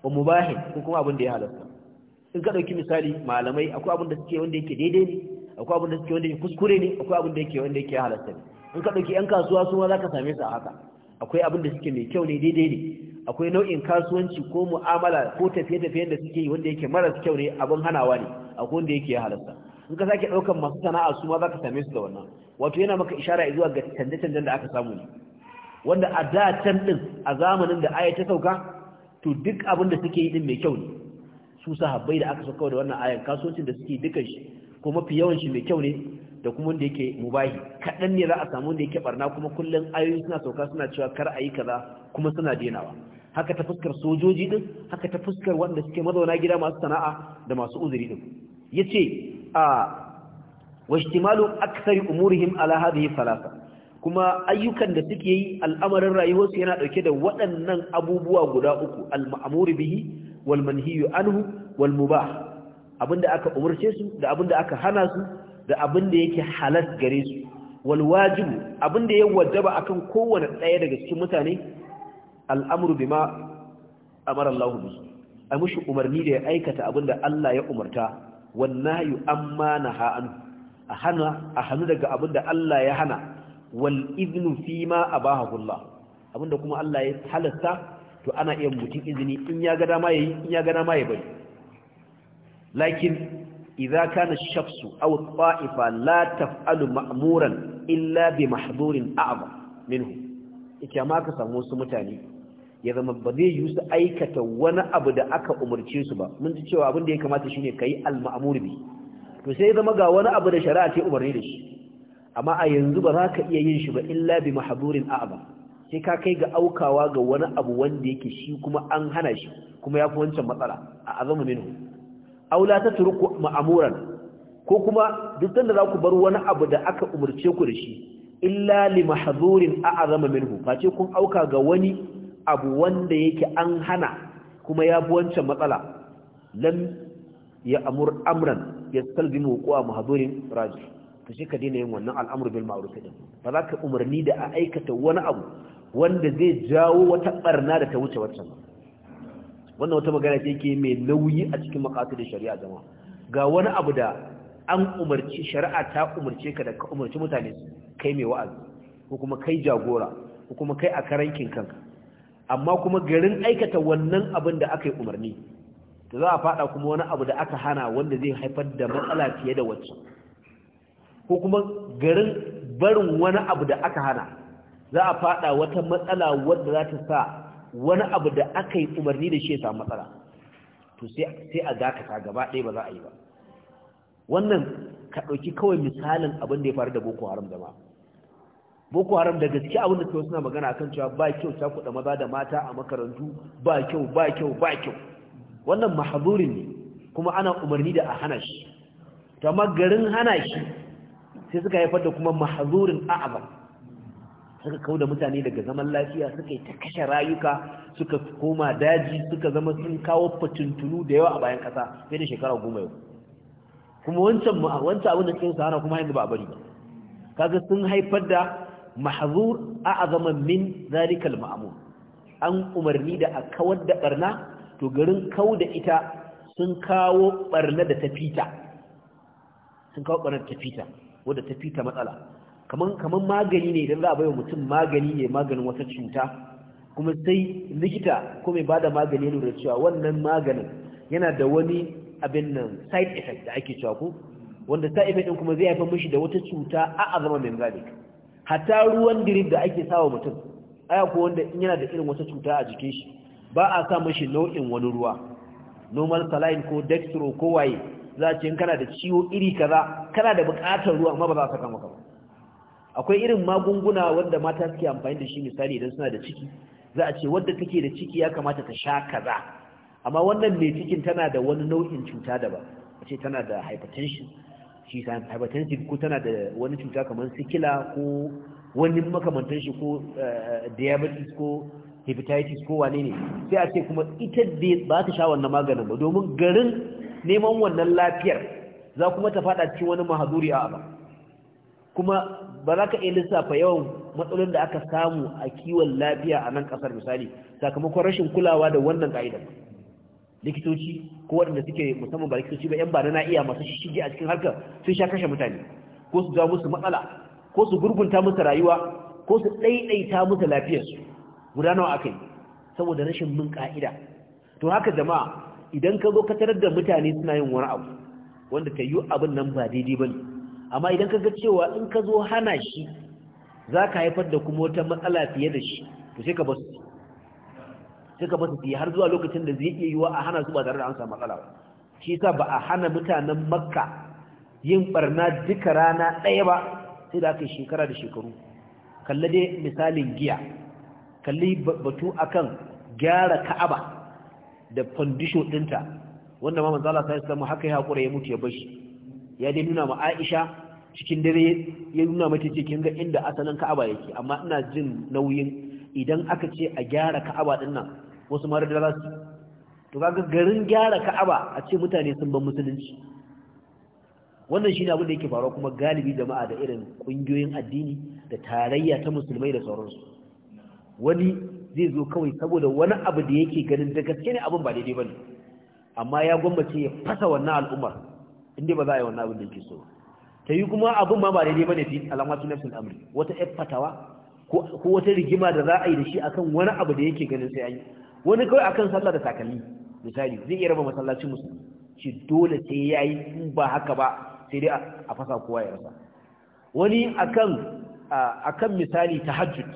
wa mubahin ko kuma abin da ya halatta in ka ɗauki misali malamai akwai abin da suke wanda yake daidai ne akwai abin da suke wanda yake kuskure ne akwai abin da yake wanda yake halatta ne in ka ɗauki 'yan kasuwa su ma za ka same su a haka akwai abin da suke mai kyau ne daidai ne akwai nau'in kasuwanci ko mu'amala ko tafiye-tafiyen da suke yi wanda yake maras kyau ne abin hanawa ne akwai wanda yake halatta in ka sake ɗaukan masu sana'a su ma za ka same su da wannan wato yana maka ishara zuwa ga canje-canjen da aka samu ne wanda a da can ɗin a zamanin da aya ta sauka to duk abin da suke yi ɗin mai kyau ne su sahabbai da aka sauka da wannan ayan kasuwancin da suke dukan shi ko mafi yawan shi mai kyau ne da kuma wanda yake mubahi kaɗan ne za a samu wanda yake barna kuma kullum ayoyi suna sauka suna cewa kar a yi kaza kuma suna denawa haka ta fuskar sojoji din haka ta fuskar wanda suke mazauna gida masu sana'a da masu uzuri din yace a ihtimalu akthari umurihim ala hadhihi falasa kuma ayyukan da suke yi al'amarin rayuwarsu yana dauke da waɗannan abubuwa guda uku al-ma'muri bihi wal manhiyu anhu wal abinda aka umurce su da abinda aka hana su da abinda yake halas gare su wal wajib abinda ya wajaba akan kowanne ɗaya daga cikin mutane al'amru bima amara Allah bihi ai mushi umarni da ya aikata abinda Allah ya umarta wan nahyu amma naha an a hana a hanu daga abinda Allah ya hana wal idnu fi ma abahu Allah abinda kuma Allah ya halasta to ana iya mutum izini in ya ga dama yayi in ya ga dama ya bari lakin idza kana ash-shakhsu aw taifa la taf'alu ma'muran illa bi mahdhurin a'zam minhu Ita ma ka samu wasu mutane ya zama ba zai yi su aikata wani abu da aka umarce su ba mun ji cewa abin da ya kamata shine kai al-ma'mur bi to sai zama ga wani abu da shari'a ta umarni da shi amma a yanzu ba za ka iya yin shi ba illa bi mahdhurin a'zam sai ka kai ga aukawa ga wani abu wanda yake shi kuma an hana shi kuma ya fi wancan matsala a azamu minhu aula ta turku ma'amuran ko kuma duk da za ku bar wani abu da aka umarce ku da shi illa li mahzurin a'azama minhu ce kun auka ga wani abu wanda yake an hana kuma ya fi wancan matsala lam ya amur amran ya salzimu hukuwa mahadurin raji Ka shi ka daina yin wannan al'amur bil ma'ruf din ba za ka umarni da a aikata wani abu wanda zai jawo wata barna da ta wuce waccan wannan wata magana ce yake mai nauyi a cikin da shari'a zama. ga wani abu da an umarci shari'a ta umarce ka da ka umarci mutane kai mai wa'azi ko kuma kai jagora ko kuma kai a karankin kanka amma kuma garin aikata wannan abin da aka yi umarni to za a faɗa kuma wani abu da aka hana wanda zai haifar da matsala fiye da waccan ko kuma garin barin wani abu da aka hana za a faɗa wata matsala wadda za ta sa wani abu da aka yi umarni da shi ya samu matsala to sai a dakata gaba ɗaya ba za a yi ba wannan ka ɗauki kawai misalin abin da ya faru da boko haram da ma boko haram da gaske abin da suna magana akan cewa ba kyau ta kuɗa maza da mata a makarantu ba kyau ba kyau ba kyau wannan mahadurin ne kuma ana umarni da a hana shi to amma garin hana shi sai suka haifar da kuma mahazurin a'abar suka kau da mutane daga zaman lafiya suka yi ta kashe rayuka suka koma daji suka zama sun kawo fatuntunu da yawa a bayan ƙasa sai da shekara goma yau kuma wancan wancan abin da cikin sahara kuma yanzu ba a bari ba kaga sun haifar da mahzur a'azama min zalikal ma'mur an umarni da a kawar da barna to garin kau da ita sun kawo barna da tafita sun kawo barna da tafita wanda tafita matsala kaman kaman magani ne idan za a baiwa mutum magani ne maganin wata cuta kuma sai likita ko mai bada magani ne da cewa wannan maganin yana da wani abin nan side effect da ake cewa ko wanda side effect din kuma zai haifar mishi da wata cuta a azama mai zalik hatta ruwan drip da ake sawa mutum aya ko wanda in yana da irin wata cuta a jikin shi ba a sa mishi nau'in wani ruwa normal saline ko dextro ko waye za a ce in kana da ciwo iri kaza kana da buƙatar ruwa amma ba za a saka maka ba akwai irin magunguna wanda mata suke amfani da shi misali idan suna da ciki za a ce wanda take da ciki ya kamata ta sha kaza amma wannan mai cikin tana da wani nau'in cuta ba a ce tana da hypertension shi hypertension ko tana da wani cuta kamar sikila ko wani makamantan shi ko eh, diabetes ko hepatitis ko wane ne sai a ce kuma ita da ba ta sha wannan maganin ba domin garin neman wannan lafiyar za kuma ta faɗa cikin wani mahaduri a ba kuma ba za ka iya lissafa yawan matsalolin da aka samu a kiwon lafiya a nan kasar misali sakamakon rashin kulawa da wannan ka'ida likitoci ko waɗanda suke musamman ba likitoci ba 'yan ba na iya masu shige a cikin harkar sun sha kashe mutane ko su ja musu matsala ko su gurgunta musu rayuwa ko su ɗaiɗaita musu lafiyarsu guda nawa aka yi saboda rashin bin ka'ida to haka jama'a idan ka zo ka tarar da mutane suna yin wani abu wanda ta yi abin nan ba daidai ba ne amma idan ka ga cewa in ka zo hana shi za ka haifar da kuma wata matsala fiye da shi to sai ka basu sai ka basu har zuwa lokacin da zai iya yiwa a hana su ba tare da an samu matsala ba shi yasa ba a hana mutanen makka yin barna duka rana ɗaya ba sai da aka shekara da shekaru kalli dai misalin giya kalli batu akan gyara ka'aba da fandisho ɗinta wanda ma manzala sai samu haka ya haƙura ya mutu ya bashi ya dai nuna ma Aisha cikin dare ya nuna mata ce kin ga inda asalin ka'aba yake amma ina jin nauyin idan aka ce a gyara ka'aba din nan wasu mara da su to kaga garin gyara ka'aba a ce mutane sun ban musulunci wannan shine abin da yake faruwa kuma galibi jama'a da irin kungiyoyin addini da tarayya ta musulmai da sauransu wani zai zo kawai saboda wani abu da yake ganin da gaske ne abin ba daidai bane amma ya gwammace ya fasa wannan al'ummar inda ba za a yi wannan abin da yake so ba ta yi kuma abin ma ba daidai ba ne fi alamatu nafsul amri wata ya fatawa ko wata rigima da za a yi da shi akan wani abu da yake ganin sai an yi wani kawai akan sallah da takalmi misali zai iya raba masallacin musulmi shi dole sai ya yi in ba haka ba sai dai a fasa kowa ya rasa wani akan akan misali tahajjud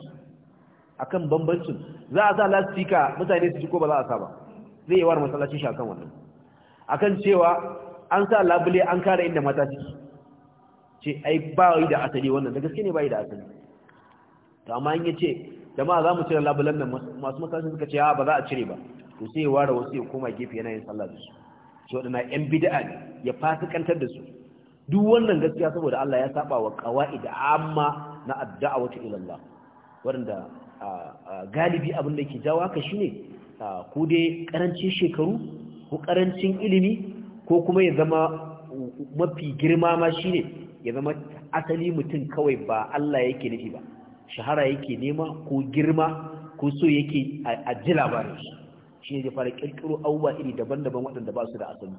akan bambancin za a sa lastika mutane su ji ko ba za a sa ba zai yi wa masallacin shi akan wannan akan cewa an sa labule an kare inda mata ciki ce ai ba yi da asali wannan da gaske ne ba yi da asali to amma an yace jama'a za mu cire labulan nan masu makaranta suka ce a ba za a cire ba to sai ya ware wasu ya koma gefe yana yin sallah da su shi waɗannan yan bid'a ne ya fasikantar da su duk wannan gaskiya saboda Allah ya saba wa qawaid amma na ad'awatu ila Allah waɗanda galibi abin da ke jawo haka shine ko dai karancin shekaru ko karancin ilimi ko kuma ya zama mafi girma ma shine ya zama asali mutum kawai ba Allah yake nufi ba shahara yake nema ko girma ko so yake a ji labarin shi shi ne fara kirkiro abubuwa iri daban-daban waɗanda ba su da asali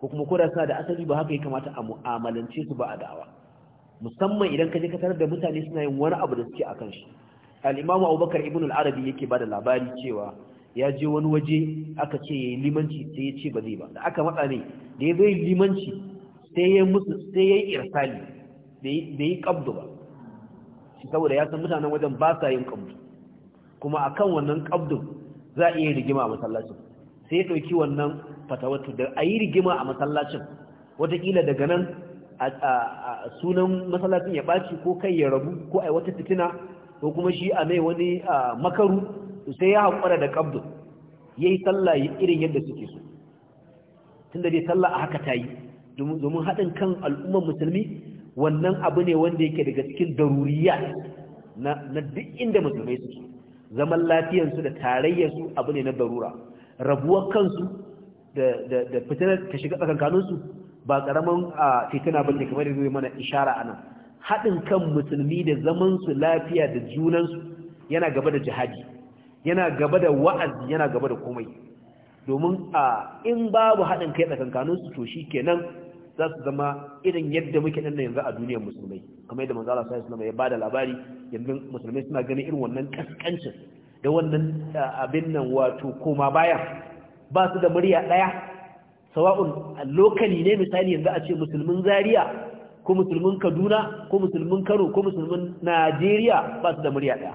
ko kuma koda suna da asali ba haka ya kamata a mu'amalance su ba a da'awa musamman idan ka je ka tarar da mutane suna yin wani abu da suke a kan shi al'imamu abubakar ibn al-arabi yake ba da labari cewa ya je wani waje aka ce ya yi limanci sai ya ce ba zai ba da aka matsa ne da ya bai limanci sai ya musu sai ya yi irsali bai yi ƙabdu ba saboda ya san mutanen wajen ba sa yin ƙabdu. kuma a kan wannan ƙabdu za a iya rigima a masallacin sai ya ɗauki wannan fatawatu da a yi rigima a masallacin watakila daga nan a sunan masallacin ya ɓaci ko kai ya rabu ko a yi wata fitina ko kuma shi a mai wani makaru sai ya haƙura da ƙabdu ya yi sallah irin yadda suke so tun da dai sallah a haka ta yi domin haɗin kan al'ummar musulmi wannan abu ne wanda yake daga cikin daruriya na duk inda musulmai suke zaman lafiyarsu da tarayyarsu abu ne na darura rabuwar kansu da fitinar ta shiga tsakankaninsu ba ƙaramin a fitina ba ne kamar da zai mana ishara a nan haɗin kan musulmi da zamansu lafiya da junansu yana gaba da jihadi yana gaba da wa'azi yana gaba da komai domin a in babu haɗin kai tsakankaninsu to shi kenan za su zama irin yadda muke nan yanzu a duniyar musulmai kamar yadda manzo sai sallallahu ya bada labari yanzu musulmai suna ganin irin wannan kaskancin da wannan abin nan wato koma bayan ba su da murya daya sawa'un lokali ne misali yanzu a ce musulmin Zaria ko musulmin Kaduna ko musulmin Kano ko musulmin Najeriya ba su da murya daya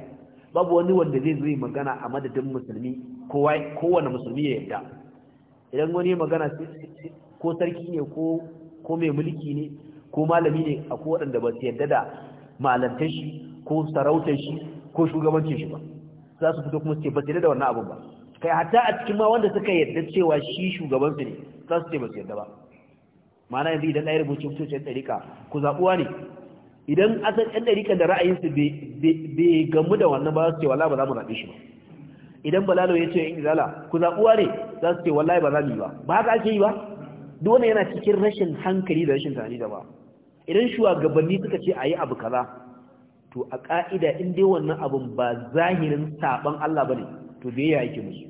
babu wani wanda zai zo magana a madadin musulmi kowa kowane musulmi ya yarda idan wani magana ko sarki ne ko ko mai mulki ne ko malami ne a waɗanda ba su yadda da malantar shi ko sarautar shi ko shugabancin shi ba za su fito kuma su ce ba su da wannan abin ba kai hatta a cikin ma wanda suka yadda cewa shi shugaban su ne za su ce ba su yadda ba ma'ana yanzu idan ɗaya rubuce fito ce ɗarika ku zaɓuwa ne idan asan ɗan ɗarika da ra'ayinsu bai gamu da wannan ba za su ce wala ba za mu zaɓe shi ba idan balalo ya ce in izala ku zaɓuwa ne za su ce wallahi ba za mu yi ba ba haka ake yi ba Dole yana cikin rashin hankali da rashin tunani da ba idan shugabanni suka ce ayi abu kaza to a ka'ida in dai wannan abun ba zahirin saban Allah ba to bai ya yake musu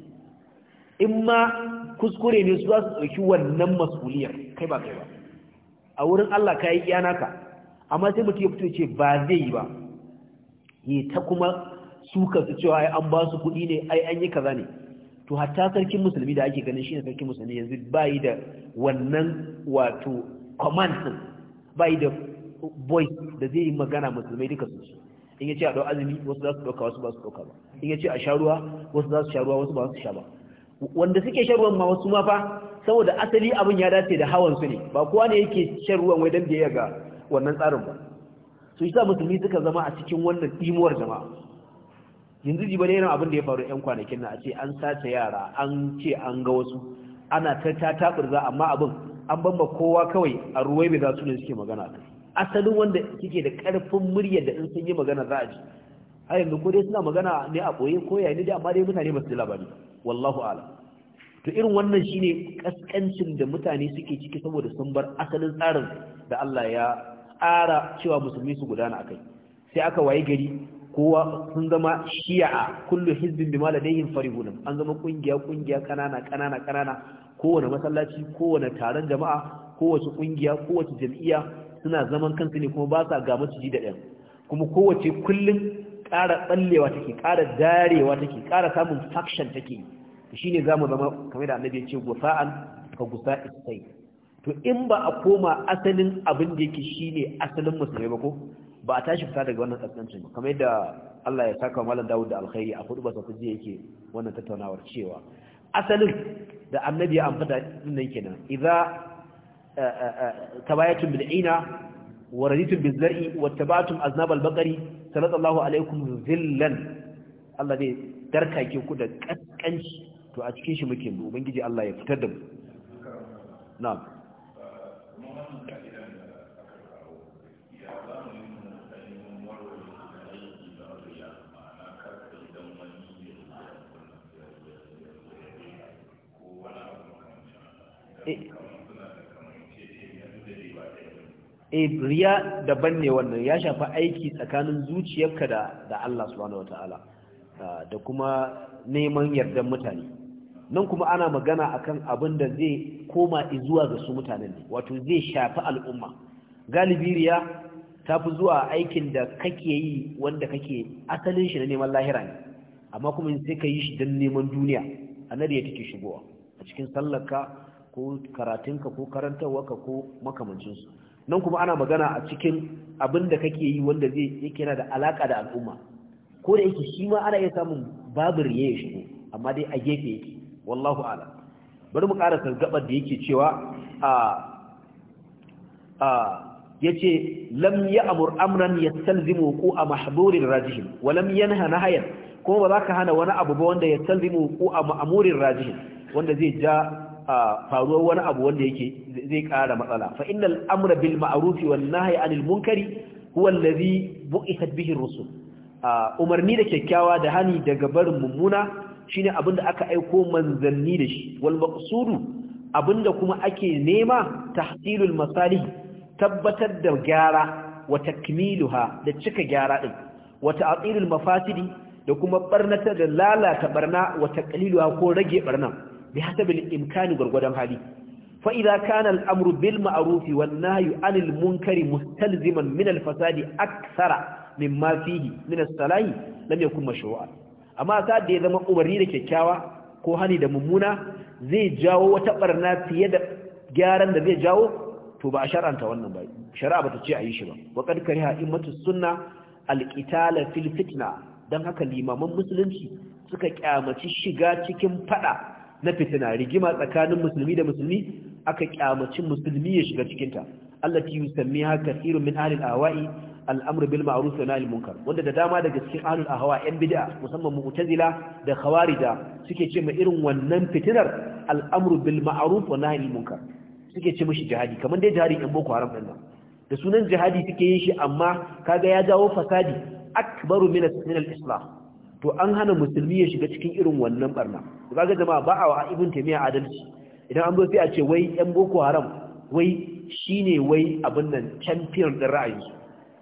in ma kuskure ne su za su ɗauki wannan masuliyar kai ba kai ba a wurin Allah kai yi naka amma sai mutum ya fito ce ba zai yi ba yi ta kuma suka su cewa ai an ba su kuɗi ne ai an yi kaza ne to hatta sarkin musulmi da ake ganin shine sarkin musulmi yanzu yi da wannan wato command din yi da voice da zai yi magana musulmai duka su in yace a dau azumi wasu za su dauka wasu ba su dauka ba in yace a sha ruwa wasu za su sha ruwa wasu ba su sha ba wanda suke shan ruwan ma wasu ma fa saboda asali abin ya dace da hawan su ne ba kowa ne yake shan ruwan wai dan ya ga wannan tsarin ba su yasa musulmi suka zama a cikin wannan dimuwar jama'a yanzu ji bane irin abin da ya faru yan kwanakin na a ce an sace yara an ce an ga wasu ana ta ta taburza amma abin an bamba kowa kawai a ruwai bai za su ne suke magana kai asalin wanda suke da karfin murya da in sun yi magana za a ji har yanzu ko dai suna magana ne a boye ko yayi da amma dai mutane ba su labari wallahu ala. to irin wannan shine kaskancin da mutane suke ciki saboda sun bar asalin tsarin da Allah ya tsara cewa musulmi su gudana a kai. sai aka waye gari kowa sun zama shi'a kullu hizbin bima ladayhim farihun an zama kungiya kungiya kanana kanana kanana kowane masallaci kowane taron jama'a kowace kungiya kowace jam'iyya suna zaman kansu ne kuma ba sa ga maciji da ɗan kuma kowace kullun ƙara ballewa take ƙara darewa take ƙara samun faction take shine zamu zama kamar da annabi ya ce gusa'an ka gusa isai to in ba a koma asalin abin da yake shine asalin musulmai ba ko ba a tashi fita daga wannan kaskancin kamar yadda Allah ya saka malam Dawud da alkhairi a hudu ba sa kuje yake wannan tattaunawar cewa asalin da annabi ya amfada nan kenan idza eh, eh, eh, tabayatun bil ina wa raditun bil zar'i wa tabatum aznab al baqari sallallahu alaikum zillan Allah zai darkake ku da kaskanci to a cikin shi muke mu ubangiji Allah ya fitar da mu na'am e riya daban ne wannan ya shafi aiki tsakanin zuciyarka da da Allah subhanahu wataala ah, da kuma neman yardan mutane nan kuma ana magana akan abin da zai koma zuwa ga su mutanen ne wato zai shafi al'umma galibi riya ta fi zuwa aikin da kake yi wanda kake asalin shi na neman lahira ne amma kuma sai ka yi shi don neman duniya a nariya take shigowa a cikin sallarka ko karatunka ko karantarwarka ko makamancinsu nan kuma ana magana a cikin abin da kake yi wanda zai yake yana da alaka da al'umma ko da yake shi ma ana iya samun babu riye ya shigo amma dai a gefe yake wallahu ala bari mu ƙara gabar da yake cewa a a yace lam ya'mur amran yastalzimu a rajihin wa lam yanha nahayan kuma ba za ka hana wani abu ba wanda ya ku a ma'amurin rajihin wanda zai ja faruwar wani abu wanda yake zai kara matsala fa innal amra bil ma'ruf wan nahyi anil munkari huwa allazi bu'ithat bihi ar-rusul umarni da kyakkyawa da hani daga barin mummuna shine abinda aka aiko manzanni da shi wal maqsudu abinda kuma ake nema tahsilul masalih tabbatar da gyara wa takmiluha da cika gyara din wa ta'tilul mafasidi da kuma barnata da lalata barna wa taqliluha ko rage barnan bi hasabil imkani gurgurdan hali fa idza kana al-amru bil ma'ruf wan nahyu 'anil munkari mustalziman min al-fasadi akthara mimma fihi min as-salahi lam kuma mashru'a amma ka da ya zama umarni da kyakkyawa ko hani da mummuna zai jawo wata ɓarna fiye da gyaran da zai jawo to ba a shar'anta wannan ba shari'a bata ce a yi shi ba wa kad kariha immatu sunna al-qitala fil fitna dan haka limaman musulunci suka ƙyamaci shiga cikin faɗa. na fitina rigima tsakanin musulmi da musulmi aka kyamaci musulmi ya shiga cikinta allati yusammiha kathirun min ahli al-ahwa'i al-amru bil ma'ruf wa nahy munkar wanda da dama daga cikin ahli al-ahwa yan bid'a musamman mu'tazila da khawarija suke ce ma irin wannan fitinar al-amru bil ma'ruf wa nahy munkar suke ce mishi jihadi kamar dai jihadi in boko haram ɗin nan da sunan jihadi suke yin shi amma kaga ya jawo fasadi akbaru min al-islam to an hana musulmi ya shiga cikin irin wannan barna to kaga jama'a ba a wa ibn taymiya adalci idan an zo sai a ce wai yan boko haram wai shine wai abin nan champion din ra'ayi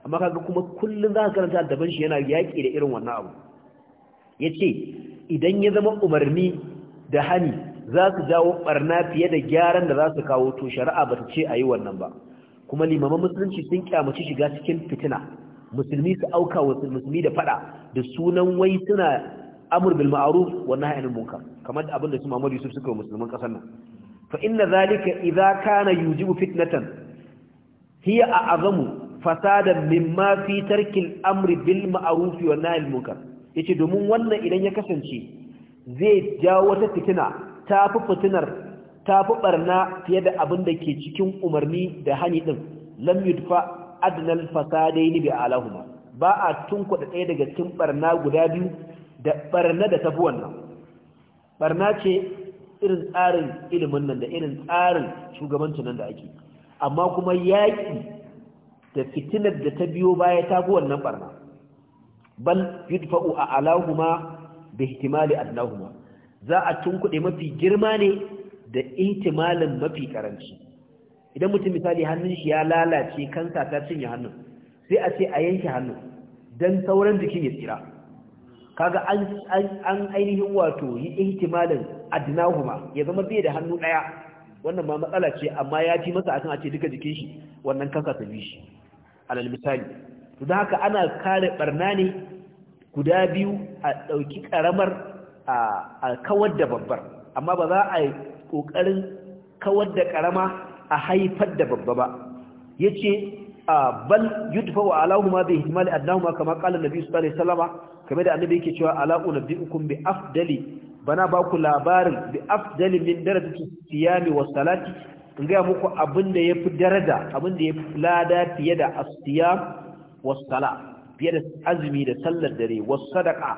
amma kaga kuma kullun za ka karanta daban shi yana yaki da irin wannan abu yace idan ya zama umarni da hani za su jawo barna fiye da gyaran da za su kawo to shari'a ba ta ce a yi wannan ba kuma limaman musulunci sun kyamaci shiga cikin fitina musulmi su auka wa musulmi da fada da sunan wai suna amur bil ma'ruf wa nahy anil munkar kamar da abin da su Muhammad Yusuf suka wa musulman kasar nan fa inna zalika idza kana yujibu fitnatan hiya a'zamu fasadan mimma fi tarkil amri bil ma'ruf wa nahy munkar yace domin wannan idan ya kasance zai jawo wata fitina ta fi fitinar ta fi barna fiye da abin da ke cikin umarni da hani din lam yudfa adnal fasadaini bi alahuma ba a da ɗaya daga cikin barna guda biyu da barna da tafi wannan barna ce irin tsarin ilimin nan da irin tsarin shugabancin nan da ake amma kuma yaƙi da fitinar da ta biyo baya ta fi wannan barna bal yudfa'u a alahuma bi ihtimali adnahuma za a tunkuɗe mafi girma ne da ihtimalin mafi karanci idan mutum misali hannun shi ya lalace kansa ta cinye hannun sai a ce a yanke hannun don sauran jikin ya tsira kaga an ainihin wato yi ihtimalin adnahuma ya zama bai da hannu daya wannan ma matsala ce amma ya ji masa akan a ce duka jikin shi wannan kansa ta bi alal misali to dan haka ana kare barna ne guda biyu a dauki karamar a kawar da babbar amma ba za a yi kokarin kawar da karama a haifar da babba ba Ya ce a bal yudfa alahuma bi ihmal adnahuma kama qala annabi sallallahu alaihi wasallama kamar da annabi yake cewa ala unabbiukum bi afdali bana ba ku labarin bi afdali min darajati siyami was salati in ga muku abinda yafi daraja abinda yafi lada fiye da as-siyam sala fiye da azumi da sallar dare was sadaqa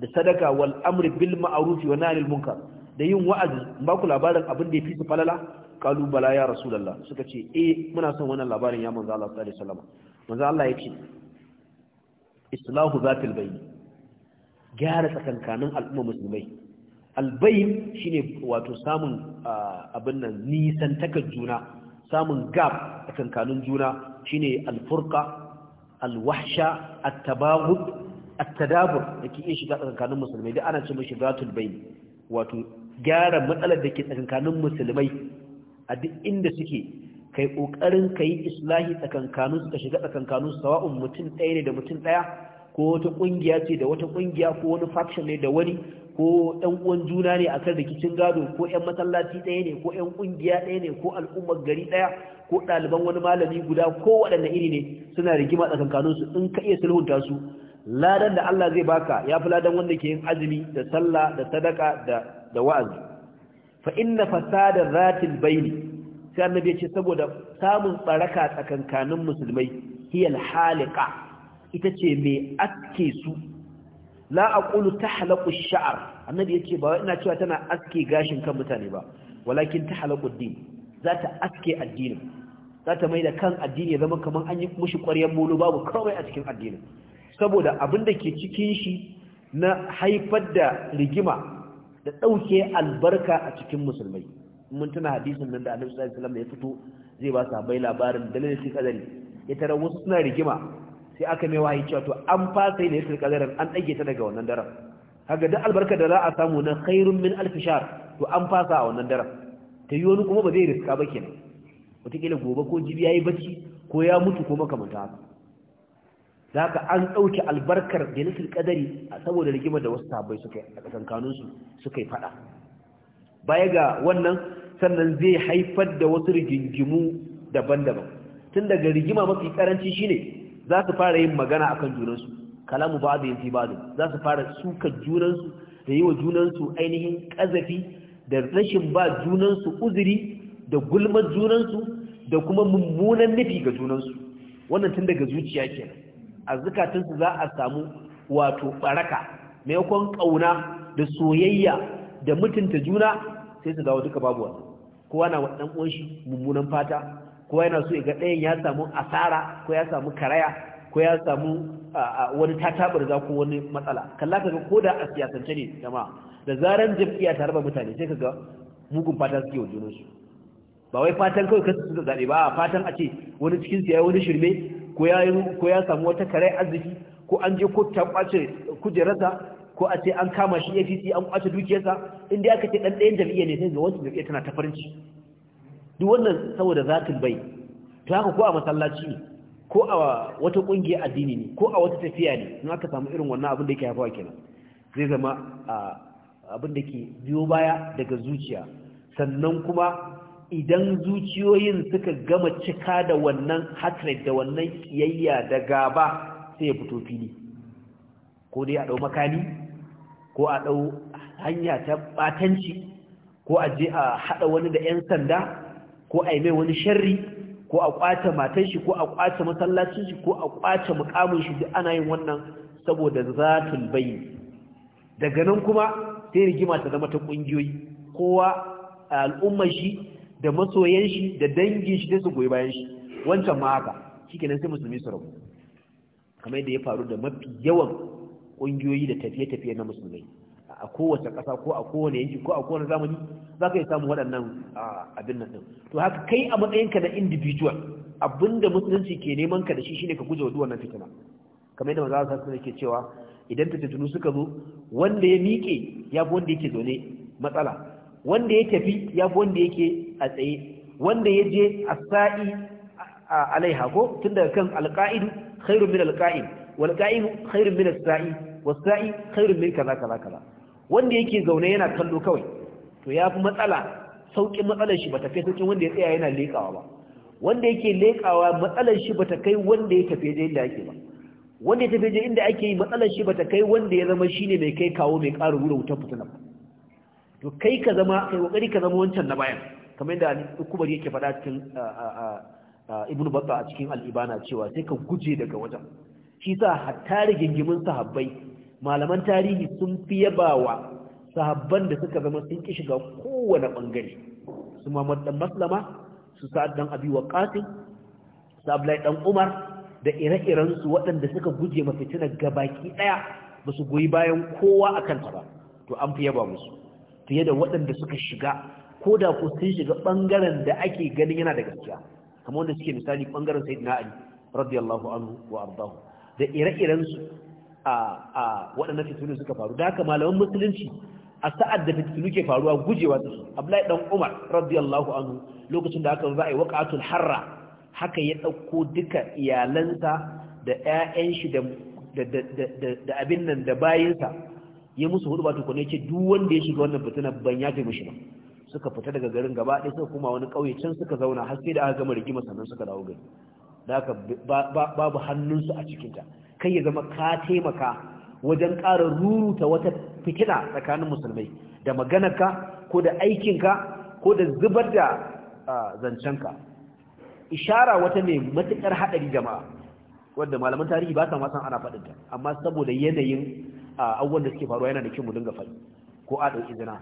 da sadaka wal amri bil ma'ruf wa nahy anil munkar da yin wa'azi ba ku labarin abinda yafi falala qalu bala ya rasulullah suka ce eh muna son wannan labarin ya manzo Allah sallallahu alaihi wasallam manzo Allah yace islahu zatil bayn gyara tsakankanin al'umma musulmai albayn shine wato samun abin nan nisan juna samun gab tsakankanin juna shine alfurqa alwahsha at-tabaghud at yin dake iya shiga tsakankanin musulmai da ana cewa shigatul bayn wato gyara matsalar da ke tsakankanin musulmai a duk inda suke kai kokarin kai islahi tsakankanin ka shiga tsakankanin sawa'un mutum ɗaya ne da mutum ɗaya ko wata kungiya ce da wata kungiya ko wani faction ne da wani ko ɗan uwan juna ne akan rikicin gado ko ƴan masallaci ɗaya ne ko ƴan kungiya ɗaya ne ko al'ummar gari ɗaya ko ɗaliban wani malami guda ko waɗanne iri ne suna rigima tsakankanin su in ka iya sulhunta su ladan da Allah zai baka ya fi ladan wanda ke yin azumi da sallah da sadaka da da wa'azi fa inna fasada zatil baini sai annabi ya ce saboda samun tsaraka tsakankanin musulmai hiyal halika ita ce mai aske su la aqulu tahlaqu ash-sha'r annabi yace ba ina cewa tana aske gashin kan mutane ba walakin tahlaqu ad-din za ta aske addinin za ta mai da kan addini ya zama kaman an yi mushi ƙwaryar mulu babu kawai a cikin addinin saboda abin da ke cikin shi na haifar da rigima da ɗauke albarka a cikin musulmai mun tuna hadisin nan da annabi sallallahu alaihi wasallam ya fito zai ba bai labarin dalilin shi kadari ya tara wasu suna rigima sai aka mai wahayi cewa to an fasa ne shi kadarin an dage ta daga wannan daren kaga duk albarka da za a samu na khairun min alfishar, shahr to an fasa a wannan daren ta yi wani kuma ba zai riska ba kenan wataƙila gobe ko jibi ya yi bacci ko ya mutu ko makamanta haka da an ɗauke albarkar da jalisul kadari saboda rigima da wasu sabai suka a tsakankaninsu suka yi faɗa baya ga wannan sannan zai haifar da wasu rigingimu daban-daban tun daga rigima mafi karanci shine za su fara yin magana akan junansu kalamu ba da yanzu ba da za su fara suka junansu da yi wa junansu ainihin ƙazafi da rashin ba junansu uzuri da gulmar junansu da kuma mummunan nufi ga junansu wannan tun daga zuciya kenan a zukatunsu za a samu wato baraka maimakon ƙauna, da soyayya da mutunta juna sai su dawo duka babu wannan kowa na wadan ƙunshi mummunan fata kowa yana so ya ga ɗayan ya samu asara ko ya samu karaya ko ya samu wani za ko wani matsala kalla kaga koda a siyasance ne jama'a da zaran jam'iyya ta raba mutane sai kaga mugun fata suke wa junansu ba wai fatan kawai kasu suka zaɓe ba fatan a ce wani cikin siya wani shirme ko ya samu wata kare arziki ko an je ko ta kwace kujerarsa ko a ce an kama shi APC an kwace dukiyarsa inda aka ce dan ɗayan jam'iyya ne sai ga wancan jam'iyya tana ta farinci. duk wannan saboda zatin bai to haka ko a masallaci ne ko a wata ƙungiyar addini ne ko a wata tafiya ne in aka samu irin wannan abin da yake haifawa kenan zai zama ah, abin da ke biyo baya daga zuciya sannan kuma idan zuciyoyin suka gama cika da wannan hatred da wannan kiyayya da gaba sai ya fito fili ko dai a ɗau makani ko a ɗau hanya ta ɓatanci ko a je a haɗa wani da 'yan sanda ko a yi mai wani sharri ko a ƙwace matan shi ko a ƙwace masallacin shi ko a ƙwace mukamin shi duk ana yin wannan saboda zatul bayi daga nan kuma sai rigima ta zama ta ƙungiyoyi kowa al'ummar shi da masoyan shi da dangin shi da su goyi bayan shi wancan ma haka shikenan sai musulmi su rabu kamar yadda ya faru da mafi yawan ƙungiyoyi da tafiye-tafiye na musulmai a kowace ƙasa ko a kowane yanki ko a kowane zamani za ka yi samun waɗannan abin nan to haka kai a matsayinka na individual abinda musulunci ke neman ka da shi shine ka guje wa duwannan fitina kamar yadda maza sassu ne ke cewa idan ta tuntunu suka zo wanda ya miƙe ya fi wanda yake zaune matsala wanda ya tafi ya fi wanda yake a tsaye wanda ya je a sai alaiha ko tun daga kan al khairun min al-qa'id khairun min sai was sa'i khairun min kaza kaza kaza wanda yake zaune yana kallo kawai to ya fi matsala sauƙin matsalar shi ba tafiye saukin wanda ya tsaya yana lekawa ba wanda yake lekawa matsalar shi ba ta kai wanda ya tafi je inda ake ba wanda ya tafi je inda ake yi matsalar shi ba ta kai wanda ya zama shine mai kai kawo mai ƙara wura wutar fitina to kai ka zama kai kokari ka zama wancan na bayan kamar da kubar yake faɗa cikin ibnu batta a cikin al'ibana cewa sai ka guje daga wajen shi sa hatta rigingimin sahabbai malaman tarihi sun fi yaba wa sahabban da suka zama sun ki shiga kowane bangare su Muhammad dan Maslama su Sa'ad dan Abi Waqqas su Abdullahi dan Umar da ire-iren su waɗanda suka guje ma fitinar gabaki ɗaya ba su goyi bayan kowa akan ta ba to an fi yaba musu fiye da waɗanda suka shiga ko da ku sun shiga bangaren da ake ganin yana da gaskiya kamar wanda suke misali bangaren na ali radiyallahu anhu wa ardahu da ire-iren su a a waɗannan fitilu suka faru da haka malaman musulunci a sa'ad da fitilu ke faruwa gujewa su Abdullahi dan Umar radiyallahu anhu lokacin da aka zai waqatul harra haka ya dauko duka iyalansa da ƴaƴan shi da da abin nan da bayinsa ya musu hudu ba ne ce duk wanda ya shiga wannan fitina ban ya kai mishi ba suka fita daga garin gaba ɗaya suka kuma wani ƙauye can suka zauna har sai da aka gama rigima sannan suka dawo gari da haka babu hannunsu a cikinta kai ya zama ka taimaka wajen ƙara ruruta wata fitina tsakanin musulmai da maganarka ko da aikinka ko da zubar da zancenka ishara wata mai matuƙar haɗari jama'a wadda malaman tarihi ba sa masan ana faɗinta amma saboda yanayin abubuwan da suke faruwa yana da kyau mu dinga faɗi ko a ɗauki zina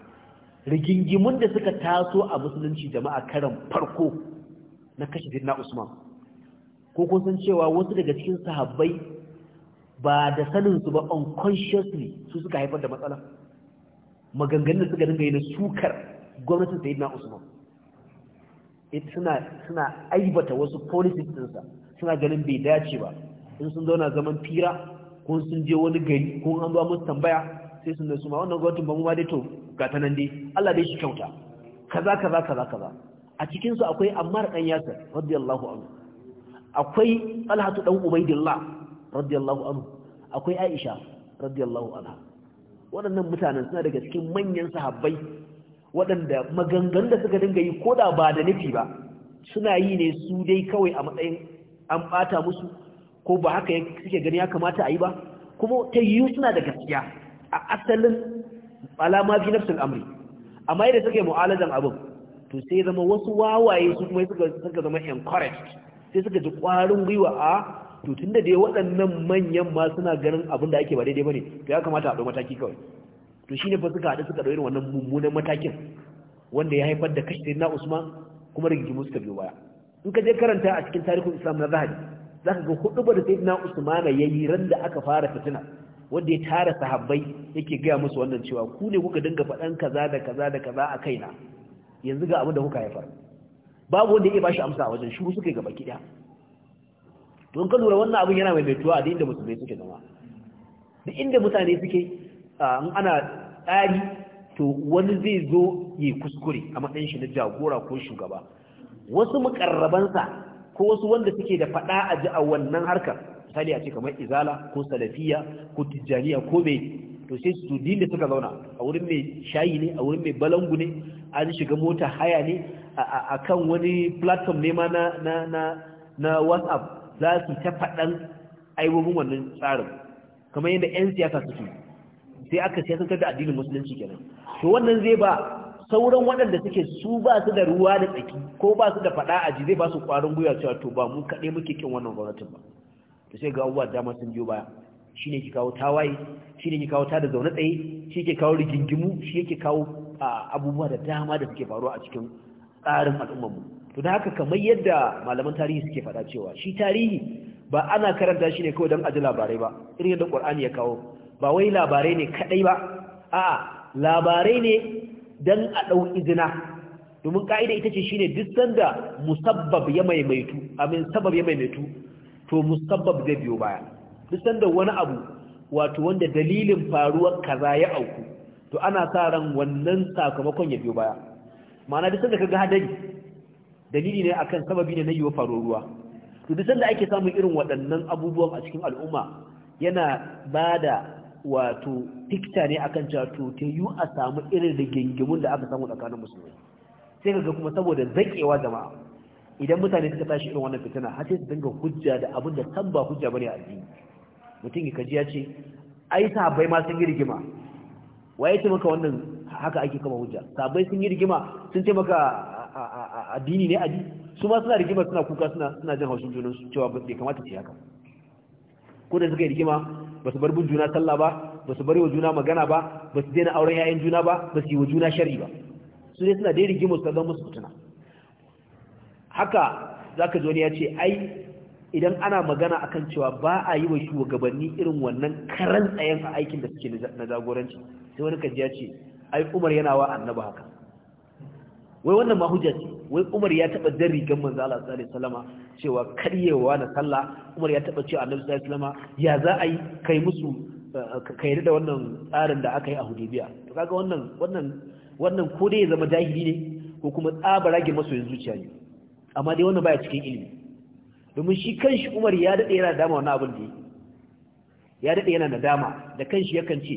rigingimun da suka taso a musulunci jama'a karan farko na kashe fitna usman ko kun san cewa wasu daga cikin sahabbai ba da sanin su ba unconsciously su suka haifar da matsala maganganun da suka dinga yi na sukar gwamnatin sayyidina usman suna suna aibata wasu policies ɗinsa suna ganin bai dace ba in sun zauna zaman fira ko sun je wani gari ko an ba musu tambaya sai sun da su ma wannan gwamnatin ba mu ma dai to ga ta nan dai Allah dai shi kyauta kaza kaza kaza kaza a cikin su akwai Ammar dan Yasir radiyallahu anhu akwai Talhatu dan Ubaidillah radiyallahu anhu akwai Aisha radiyallahu anha waɗannan mutanen suna daga cikin manyan sahabbai waɗanda maganganun da suka dinga yi ko da ba da nufi ba suna yi ne su dai kawai a matsayin an bata musu ko ba haka suke gani ya kamata a yi ba kuma ta yiwu suna da gaskiya a asalin alama fi nafsul amri amma yadda suka yi mu'alajan abin to sai zama wasu wawaye su kuma suka zama encouraged sai suka ji ƙwarin gwiwa a to tun da dai waɗannan manyan ma suna ganin abin da ake ba daidai ba ne to ya kamata a ɗau mataki kawai to shine fa suka haɗu suka ɗau irin wannan mummunan matakin wanda ya haifar da kashe na usman kuma rigimu suka biyo baya in ka je karanta a cikin tarihin islam na zahabi za ka ga hudu da sai na usmana ya yi ran da aka fara fitina wanda ya tara sahabbai yake gaya musu wannan cewa ku ne kuka dinga faɗan kaza da kaza da kaza a kaina yanzu ga abin da kuka haifar babu wanda ya bashi amsa a wajen shuru suka yi gaba kiɗa don ka lura wannan abin yana mai metuwa da inda musulmai suke zama da inda mutane suke in ana tsari to wani zai zo yi kuskure a matsayin shi na jagora ko shugaba wasu mukarrabansa ko wasu wanda suke da faɗa a ji a wannan harkar misali a ce kamar izala ko salafiya ko tijjaniya ko mai to sai su da suka zauna a wurin mai shayi ne a wurin mai balangu ne an shiga mota haya ne a kan wani platform ne ma na whatsapp za su ta faɗan aibobin wannan tsarin kamar yadda 'yan siyasa suke sai aka ta da addinin musulunci kenan to wannan zai ba sauran waɗanda suke su ba su da ruwa da tsaki ko ba su da faɗa aji zai ba su ƙwarin gwiwa cewa to ba mu kaɗai muke kin wannan gwamnatin ba Da sai ga abubuwa dama sun biyo baya shi ne ke kawo tawaye shi ne ke kawo tada zaune tsaye shi ke kawo rigingimu shi yake kawo abubuwa da dama da suke faruwa a cikin tsarin al'ummarmu to da haka kamar yadda malaman tarihi suke faɗa cewa shi tarihi ba ana karanta shi ne kawai don aji labarai ba irin yadda ƙwar'ani ya kawo ba wai labarai ne kaɗai ba a'a labarai ne don a ɗau izina domin ka'ida ita ce shine duk sanda musabbab ya maimaitu amin sabab ya maimaitu to musabbab zai biyo baya duk sanda wani abu wato wanda dalilin faruwar kaza ya auku to ana sa ran wannan sakamakon ya biyo baya ma'ana duk sanda kaga hadari dalili ne akan sababi ne na yiwa faruwar ruwa to duk sanda ake samun irin waɗannan abubuwan a cikin al'umma yana bada wato fikta ne akan cewa to ta yiwu a samu irin rigingimun da aka samu tsakanin musulmai sai kaga kuma saboda zakewa jama'a idan mutane suka tashi irin wannan fitina har sai su dinga hujja da abin da san ba hujja bane a addini mutum ya kaji ya ce ai sahabbai ma sun yi rigima waye ce maka wannan haka ake kama hujja sahabbai sun yi rigima sun ce maka addini ne addini su ma suna rigima suna kuka suna suna jin haushin junan su cewa bai kamata ce haka ko da suka yi rigima ba su bar bin juna sallah ba ba su bari wa juna magana ba ba su daina auren 'ya'yan juna ba ba su yi wa juna shari ba su dai suna dai rigima su zama musu fitina haka za ka wani ya ce ai idan ana magana a kan cewa ba a yi wa shugabanni irin wannan karan tsayen a aikin da suke na jagoranci sai wani kaji ya ce ai umar yana wa annaba haka wai wannan ma hujja ce wai umar ya taba jan rigar manzo Allah sallallahu alaihi wasallama cewa karyewa na sallah umar ya taba cewa annabi sallallahu alaihi wasallama ya za a yi kai musu eh, kai da wannan tsarin da aka yi a Hudaybiya to kaga wannan wannan wannan ko dai ya zama jahili ne ko kuma tsaba rage masoyin zuciya ne amma dai wannan baya cikin ilimi domin shi kanshi Umar ya daɗe yana dama wannan abin da ya dade yana nadama da kanshi yakan ce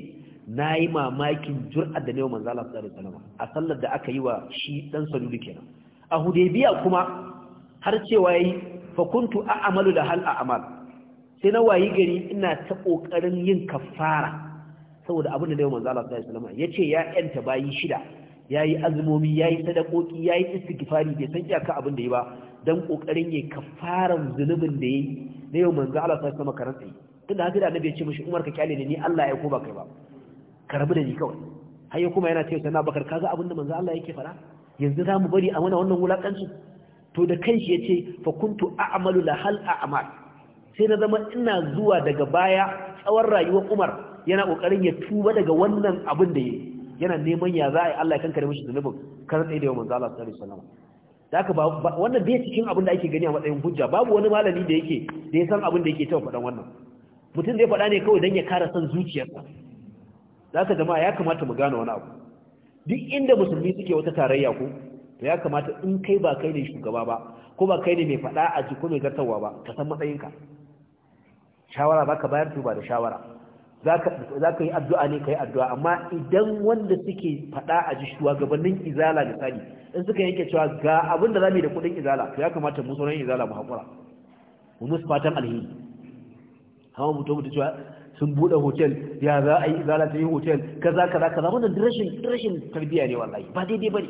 nayi mamakin jur'ar da ne manzala sallallahu alaihi a sallar da aka yi wa shi ɗan salulu kenan a Hudaybiya kuma har cewa yayi fa kuntu a'malu da hal a'mal sai na wayi gari ina ta kokarin yin kafara saboda abin da ne manzala sallallahu alaihi wasallam yace ya yanta bayi shida Ya yi yayi ya yayi sadakoki yi istighfari bai san iyaka abin da yi ba dan kokarin ya kafaran zulubin da yayi Na yau manzo Allah sai sama karanta yi tunda haka da annabi ya ce mishi Umar ka kyale ne ni Allah ya ko ba kai ba karabu da ni kawai har ya kuma yana cewa sanna bakar kaga abin da manzo Allah yake fara yanzu za mu bari a mana wannan wulakanci to da kanshi yace fa kuntu a'malu la hal a'mal sai na zama ina zuwa daga baya tsawon rayuwar Umar yana kokarin ya tuba daga wannan abin da yake yana neman ya za a yi Allah ya kankare mishi zunubin kar tsaye da yawan manzo Allah sallallahu alaihi wasallam da wannan bai cikin abin da ake gani a matsayin hujja babu wani malami da yake da ya san abin da yake tawa faɗan wannan mutum zai faɗa ne kawai don ya kara son zuciyarsa za ka jama'a ya kamata mu gane wani abu duk inda musulmi suke wata tarayya ko to ya kamata in kai ba kai ne shugaba ba ko ba kai ne mai faɗa a ji ko mai gartawa ba ka san matsayinka shawara ba ka bayar to ba da shawara za ka yi addu'a ne ka yi addu'a amma idan wanda suke faɗa a ji shugabannin izala misali in suka yanke cewa ga abin da za mu yi da kuɗin izala to ya kamata mu sauran izala mu haƙura mu musu fatan alheri hawa mutum mutu cewa sun buɗe hotel ya za a yi izala ta yi hotel ka za ka za rashin rashin tarbiyya ne wallahi ba daidai ba ne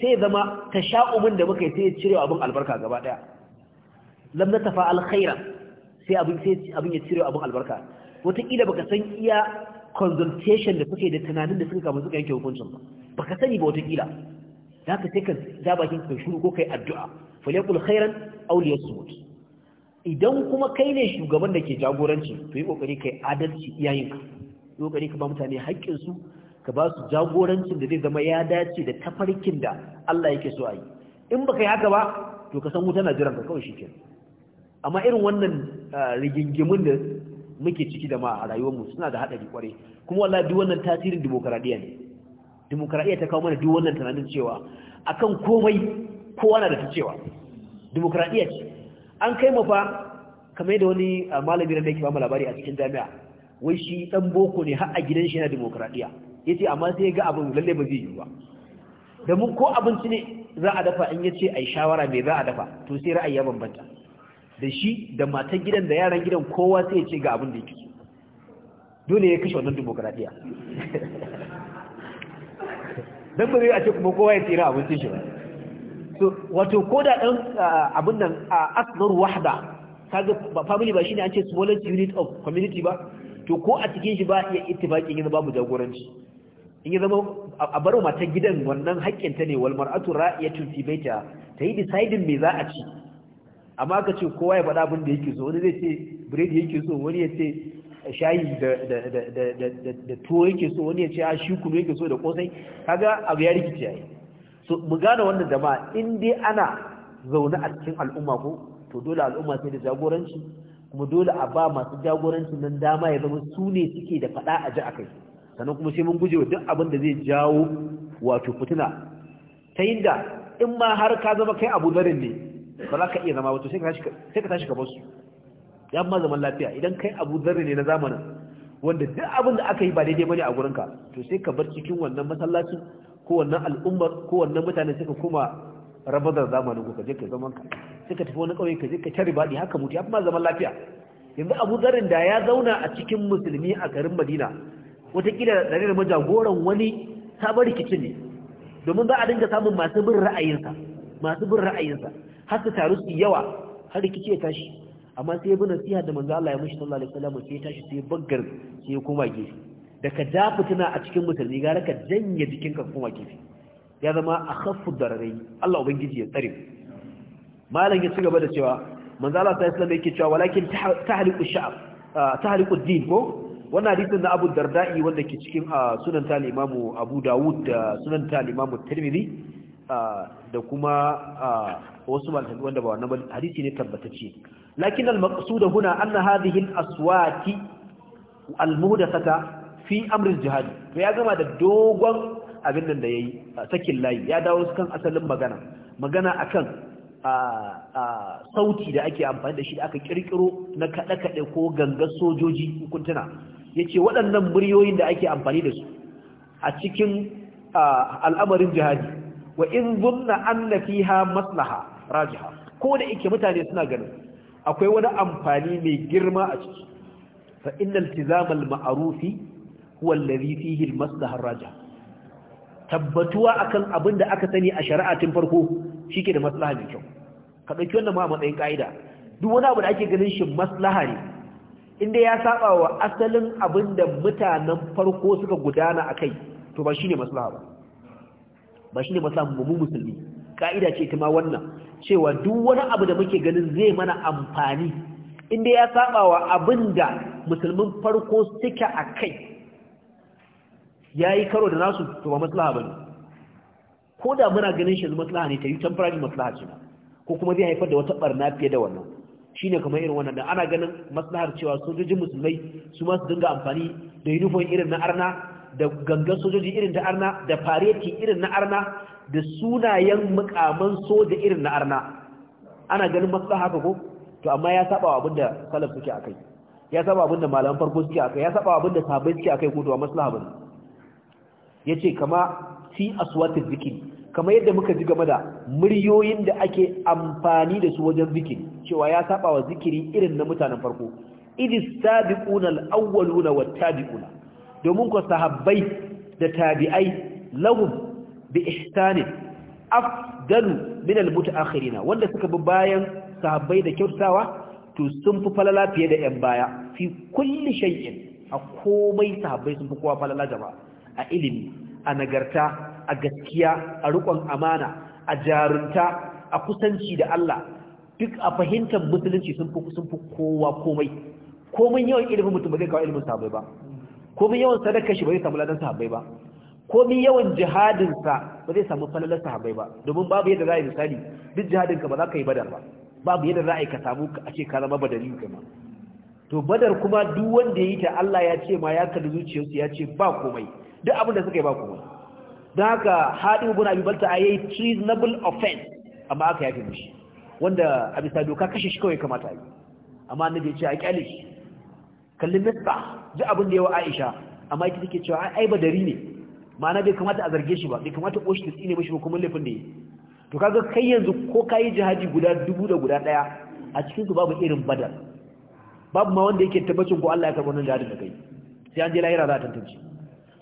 sai zama ta sha'umin da muka yi sai cire abin albarka gaba ɗaya lam na tafa sai abin ya cire abin albarka wataƙila baka san iya consultation da suke da tunanin da suka kama suka yanke hukuncin ba baka sani ba wataƙila da haka sai ka ja bakin ka shuru ko kai addu'a falyakul khairan aw liyasmut idan kuma kai ne shugaban da ke jagoranci to yi kokari kai adalci iyayenka yi kokari ka ba mutane haƙƙin su ka ba su jagorancin da zai zama ya dace da tafarkin da Allah yake so a yi in baka yi haka ba to ka san wuta na jiran ka kawai shikenan amma irin wannan Eh, rigingimun da muke ciki da ma a rayuwarmu suna da haɗari kwarai kuma wallahi duk wannan tasirin dimokuraɗiyya ne dimokuraɗiyya ta kawo mana duk wannan tunanin cewa akan komai kowa na da ta cewa dimokuraɗiyya ce an kai mafa kamar da wani eh, malami da yake ba mu labari a cikin jami'a wai shi dan boko ne har a gidan shi yana dimokuraɗiyya yace amma sai ya ga abin lalle ba zai yi ba da mun ko abinci ne za a dafa in yace ai shawara me za a dafa to sai ra'ayi ya bambanta da shi da matan gidan da yaran gidan kowa sai ya ce ga abin da yake dole ya kashe wannan demokradiya dan ba zai a ce kuma kowa ya tsira abincin shi ba so wato ko da dan abin nan a asnar wahda kaga family ba shine an ce smallest unit of community ba to ko a cikin shi ba ya ittifaqin yanzu babu jagoranci in ya zama a bar matan gidan wannan haƙƙinta ne wal mar'atu ra'iyatu fi baita ta yi deciding me za a ci amma aka ce kowa ya faɗa abin da yake so wani zai ce biredi yake so wani ya ce shayi da tuwo yake so wani ya ce a shi kuma yake so da kosai kaga abu ya rikici yayi so mu gane wannan jama'a in dai ana zaune a cikin al'umma ko to dole al'umma sai da jagoranci kuma dole a ba masu jagoranci nan dama ya zama su ne suke da faɗa a ji akai sannan kuma sai mun guje wa duk abin da zai jawo wato fitina ta yinda in ma har ka zama kai abu zarin ne ba za ka iya zama wato sai ka tashi ka basu ya ma zaman lafiya idan kai abu zarri ne na zamanin wanda duk abin da aka yi ba daidai bane a gurinka to sai ka bar cikin wannan masallacin ko wannan al'ummar ko wannan mutane suka kuma rabar zamanin ku ka je ka zaman ka sai ka tafi wani kauye ka je ka tare baɗi haka mutu ya fi ma zaman lafiya yanzu abu zarin da ya zauna a cikin musulmi a garin madina watakila da tsare da majagoran wani sabon rikicin ne domin za a dinga samun masu bin ra'ayinsa masu bin ra'ayinsa har ta taru su yawa har rikici ya tashi amma sai bi nasiha da manzo Allah ya mushi sallallahu alaihi wasallam sai ya tashi sai baggar sai ya koma gefe da ka da fitina a cikin mutane gara ka janye jikinka koma gefe ya zama akhaffu dararai Allah ubangiji ya tsare malam ya ci gaba da cewa manzo Allah sallallahu alaihi wasallam yake cewa walakin tahliqu sha'ab ah, tahliqu din ko wannan hadisin na Abu Darda'i wanda ke cikin ah, sunan ta Imam Abu Dawud da sunan ta Imam Tirmidhi da kuma wasu malami wanda ba wannan hadisi ne tabbatacce lakin al da huna anna hadhihi al-aswati al-muhdathata fi amri al-jihad to ya gama da dogon abin nan da yayi sakin layi ya dawo kan asalin magana magana akan sauti da ake amfani da shi da aka kirkiro na kaɗe-kaɗe ko gangar sojoji hukuntuna ya ce waɗannan muryoyin da ake amfani da su a cikin al'amarin jihadi wa in zunna anna fiha maslaha rajiha ko da yake mutane suna ganin akwai wani amfani mai girma a ciki fa innal tizamal ma'rufi huwa alladhi fihi al maslaha rajiha tabbatuwa akan abin da aka sani a shari'a tun farko shike da maslaha mai kyau ka dauki wannan ma a matsayin kaida duk wani abu da ake ganin shi maslaha ne inda ya saba wa asalin abin da mutanen farko suka gudana akai to ba shine maslaha ba ba shi ne ba musulmi ka'ida ce ta ma wannan cewa duk wani abu da muke ganin zai mana amfani inda ya saba wa abin da musulmin farko suke a kai ya yi karo da nasu to ba maslaha ba ne ko da muna ganin shi maslaha ne ta yi temporary maslaha ce ko kuma zai haifar da wata barna fiye da wannan Shi ne kamar irin wannan da ana ganin maslahar cewa sojojin musulmai su ma dinga amfani da uniform irin na arna da gangan sojoji irin da arna da fareti irin na arna da sunayen mukaman soja irin na arna ana ganin maslaha haka ko to amma ya saba wa abinda salaf suke akai ya saba abinda malaman farko suke akai ya saba abinda sahabbai suke akai ko to maslaha bane yace kama fi aswatiz zikri Kama yadda muka ji game da muryoyin da ake amfani da su wajen zikiri cewa ya saba wa zikiri irin na mutanen farko idis sabiquna al-awwaluna wat-tabiquna domin ku sahabbai da tabi'ai lahum bi ihsani afdalu min almutaakhirina wanda suka bi bayan sahabbai da kyautawa to sun fi falala fiye da yan baya fi kulli shay'in a komai sahabbai sun fi kowa falala gaba a ilimi a nagarta a gaskiya a riƙon amana a jarunta a kusanci da Allah duk a fahimtar musulunci sun fi kowa komai komai yawan ilimin mutum ba zai kawo ilimin sahabbai ba komin yawan sadaka shi ba zai samu ladan sahabbai ba komin yawan jihadinsa ba zai samu falalar sahabbai ba domin babu yadda za a yi misali duk jihadinka ba za ka yi badar ba babu yadda za a yi ka samu a ce ka zama badari ka ma to badar kuma duk wanda ya yi ta Allah ya ce ma ya kalli zuciyarsu ya ce ba komai duk abin da suka yi ba komai don haka haɗin ibn abi balta yayi treasonable offense amma aka yafe mishi wanda a bisa doka kashe shi kawai kamata yi amma annabi ya ce a kyale shi kalli misbah ji abin da yawa Aisha amma ita take cewa ai badari ne ma'ana bai kamata a zarge shi ba bai kamata ko shi da tsine mashi hukumin laifin da yi to kaga kai yanzu ko kayi jihadi guda dubu da guda daya a cikin su babu irin badar babu ma wanda yake tabbacin ko Allah ya karɓi wannan jihadin da kai sai an je lahira za ta tantance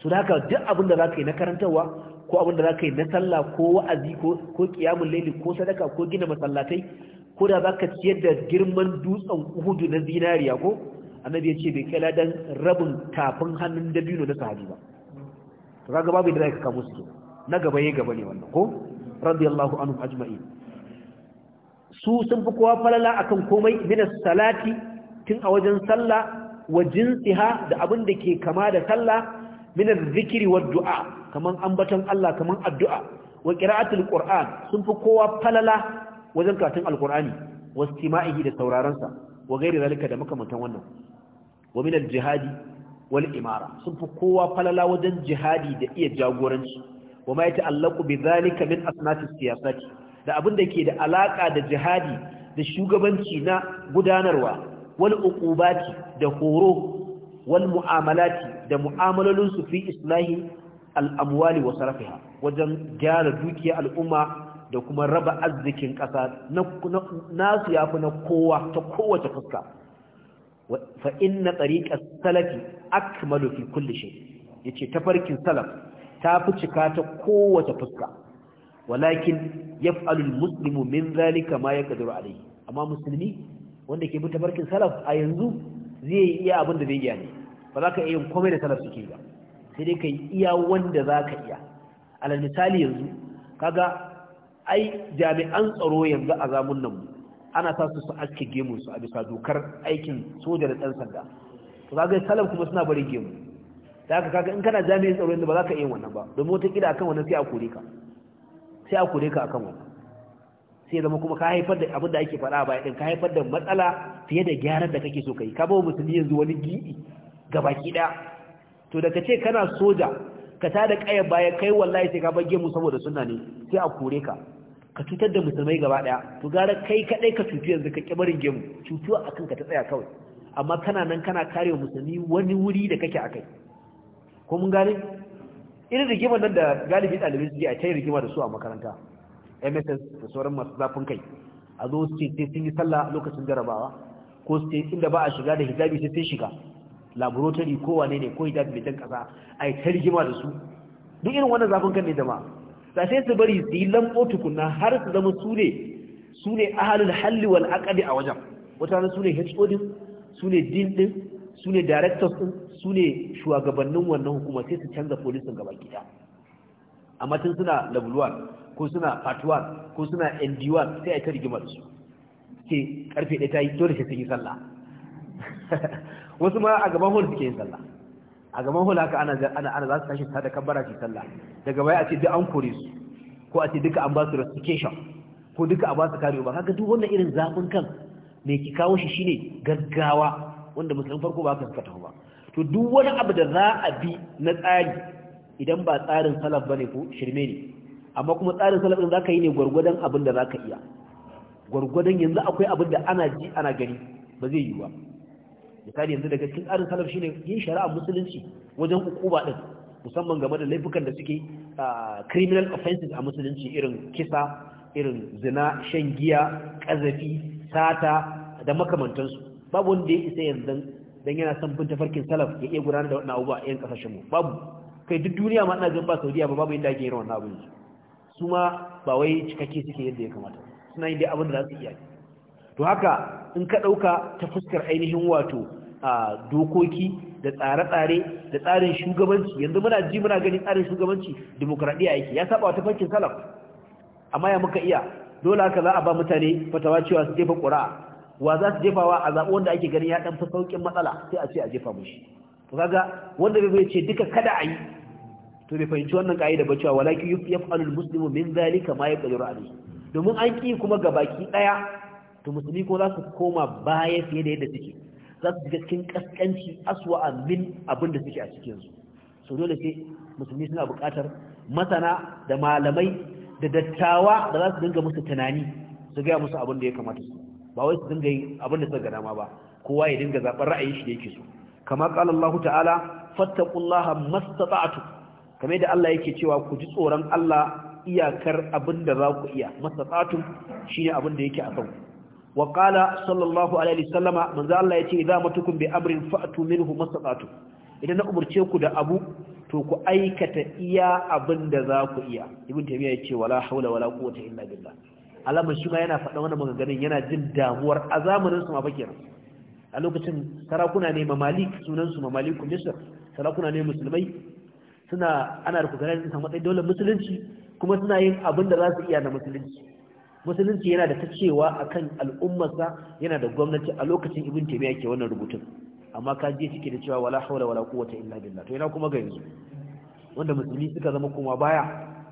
so da haka duk abin da za ka yi na karantarwa ko abin da za ka yi na sallah ko wa'azi ko ko qiyamul laili ko sadaka ko gina masallatai ko da za ka ciyar da girman dutsen uhudu na zinariya ko annabi ya ce bai kai ladan rabin tafin hannun dabino na sahabi ba to kaga babu da zaka kamo su na gaba yayi gaba ne wannan ko radiyallahu anhum ajma'in su sun fi kowa falala akan komai min salati tun a wajen sallah wa jinsiha da abin da ke kama da sallah min zikiri wa du'a kaman ambaton Allah kaman addu'a wa qira'atul qur'an sun fi kowa falala wajen karatun alqur'ani wastima'ihi da sauraron sa wa gairi zalika da makamantan wannan wa jihadi wal imara sun fi kowa falala wajen jihadi da iya jagoranci wa ma yata'allaqu bi dhalika min asnaf as-siyasati da abin da ke da alaka da jihadi da shugabanci na gudanarwa wal uqubati da horo wal mu'amalati da mu'amalolin su fi islahi amwali wa wajen gyara dukiya al'umma da kuma raba arzikin ƙasa nasu ya fi na kowa ta kowace fuska fa inna tariqas salafi akmalu fi kulli shay yace tafarkin salaf ta fi cika ta kowace fuska walakin yaf'alu almuslimu min zalika ma yaqdiru alayhi amma musulmi wanda ke bi tafarkin salaf a yanzu zai iya abin da zai iya ne ba za ka iya yin komai da salaf suke ba sai dai ka iya wanda za ka iya alal misali yanzu kaga ai jami'an tsaro yanzu a zamun nan ana sa su su ake gemunsu su a bisa dokar aikin soja da ɗan sanda to kaga salam kuma suna barin gemu da haka kaga in kana jami'in tsaro yanzu ba za ka iya wannan ba domin wata kila akan wannan sai a kore ka sai a kore ka akan wannan sai zama kuma ka haifar da abin da ake faɗa ba ɗin ka haifar da matsala fiye da gyaran da kake so ka yi. ka bawa musulmi yanzu wani gi'i baki ɗaya to da ka ce kana soja ka tada ƙayar baya kai wallahi sai ka bar gemu saboda sunna ne sai a kore ka ka cutar da musulmai gaba daya to gara kai kadai ka cutu yanzu ka kibarin gemu cutuwa a ka ta tsaya kawai amma kana nan kana kare musulmi wani wuri da kake akai ko mun gane irin rigimar nan da galibi ɗalibai suke a tayi rigima da su a makaranta mss da sauran masu zafin kai a zo su ce sun yi sallah lokacin jarabawa ko su ce inda ba a shiga da hijabi sai sun shiga laboratory ko wane ne ko hijabi mai jan kasa a yi ta rigima da su duk irin wannan zafin kan ne jama'a ba sai su bari su yi lambo tukunna har su zama su ne su ne ahalul halli wal aqdi a wajen mutane su ne HOD, su ne din din su ne directors din su ne shugabannin wannan hukuma sai su canza polisin gaba gida amma tun suna level ko suna part ko suna nd sai a ta rigimar su ke karfe ɗaya ta yi dole sai sun yi sallah wasu ma a gaban hol suke yin sallah a gaban hula ka ana ana za su tashi ta da kabbara ce sallah daga baya a ce duk an kore su ko a ce duka an ba su restitution ko duka a ba su kare ba kaga duk wannan irin zafin kan me ki kawo shi shine gaggawa wanda musulun farko ba ka suka ba to duk wani abu da za a bi na tsari idan ba tsarin salaf bane ko shirme ne amma kuma tsarin salaf din zaka yi ne gwargwadon abin da zaka iya gwargwadon yanzu akwai abin da ana ji ana gani ba zai yi ba misali yanzu daga cikin tsarin salaf shine yin shari'a musulunci wajen hukuma din musamman game da laifukan da suke criminal offenses a musulunci irin kisa irin zina shan giya kazafi sata da makamantansu babu wanda ya isa yanzu dan yana son bin tafarkin salaf ya iya gudanar da wannan abubuwa a yan kasashen mu babu kai duk duniya ma ina jin ba Saudiya ba babu inda ake yin wannan abin su ma ba wai cikakke suke yadda ya kamata suna yin dai abin da za su iya to haka in ka ɗauka ta fuskar ainihin wato a dokoki da tsare-tsare da tsarin shugabanci yanzu muna ji muna gani tsarin shugabanci demokradiyya yake ya saba wata fankin salaf amma ya muka iya dole haka za a ba mutane fatawa cewa su jefa ƙura'a wa za su jefawa a zaɓi wanda ake ganin ya ɗan fi sauƙin matsala sai a ce a jefa mushi to kaga wanda bai ce duka kada a yi to bai fahimci wannan ka'ida ba cewa walakin yaf'alul muslimu min zalika ma yaqdiru alayhi domin an ki kuma gabaki daya to musulmi ko za su koma baya fiye da yadda suke za su shiga cikin kaskanci aswa min abin da suke a cikin su so dole sai musulmi suna buƙatar masana da malamai da dattawa da za su dinga musu tunani su gaya musu abin da ya kamata su ba wai su dinga yi abin da suka ga dama ba kowa ya dinga zaɓar ra'ayin shi da yake so kama qala Allah ta'ala fattaqullaha mastata'tu kamar yadda Allah yake cewa ku ji tsoron Allah iyakar abin da za ku iya mastata'tum shine abin da yake a kanku wa qala sallallahu alaihi wasallama manzo Allah yace idza matukum bi amrin fa'tu minhu mastata'tu idan na umurce ku da abu to ku aikata iya abin da za ku iya ibn taymiya yace wala haula wala quwwata illa billah alaman shi ma yana faɗa wannan maganganun yana jin damuwar a zamanin su ma fa kenan a lokacin sarakuna ne mamalik sunan su mamaliku misr sarakuna ne musulmai suna ana rukukarar sun matsayin daular musulunci kuma suna yin abin da za su iya na musulunci musulunci yana da ta cewa akan al'ummarsa yana da gwamnati a lokacin ibin teme ke wannan rubutun amma ka je cike da cewa wala haula wala quwwata illa billah to yana kuma ga yanzu wanda musulmi suka zama kuma baya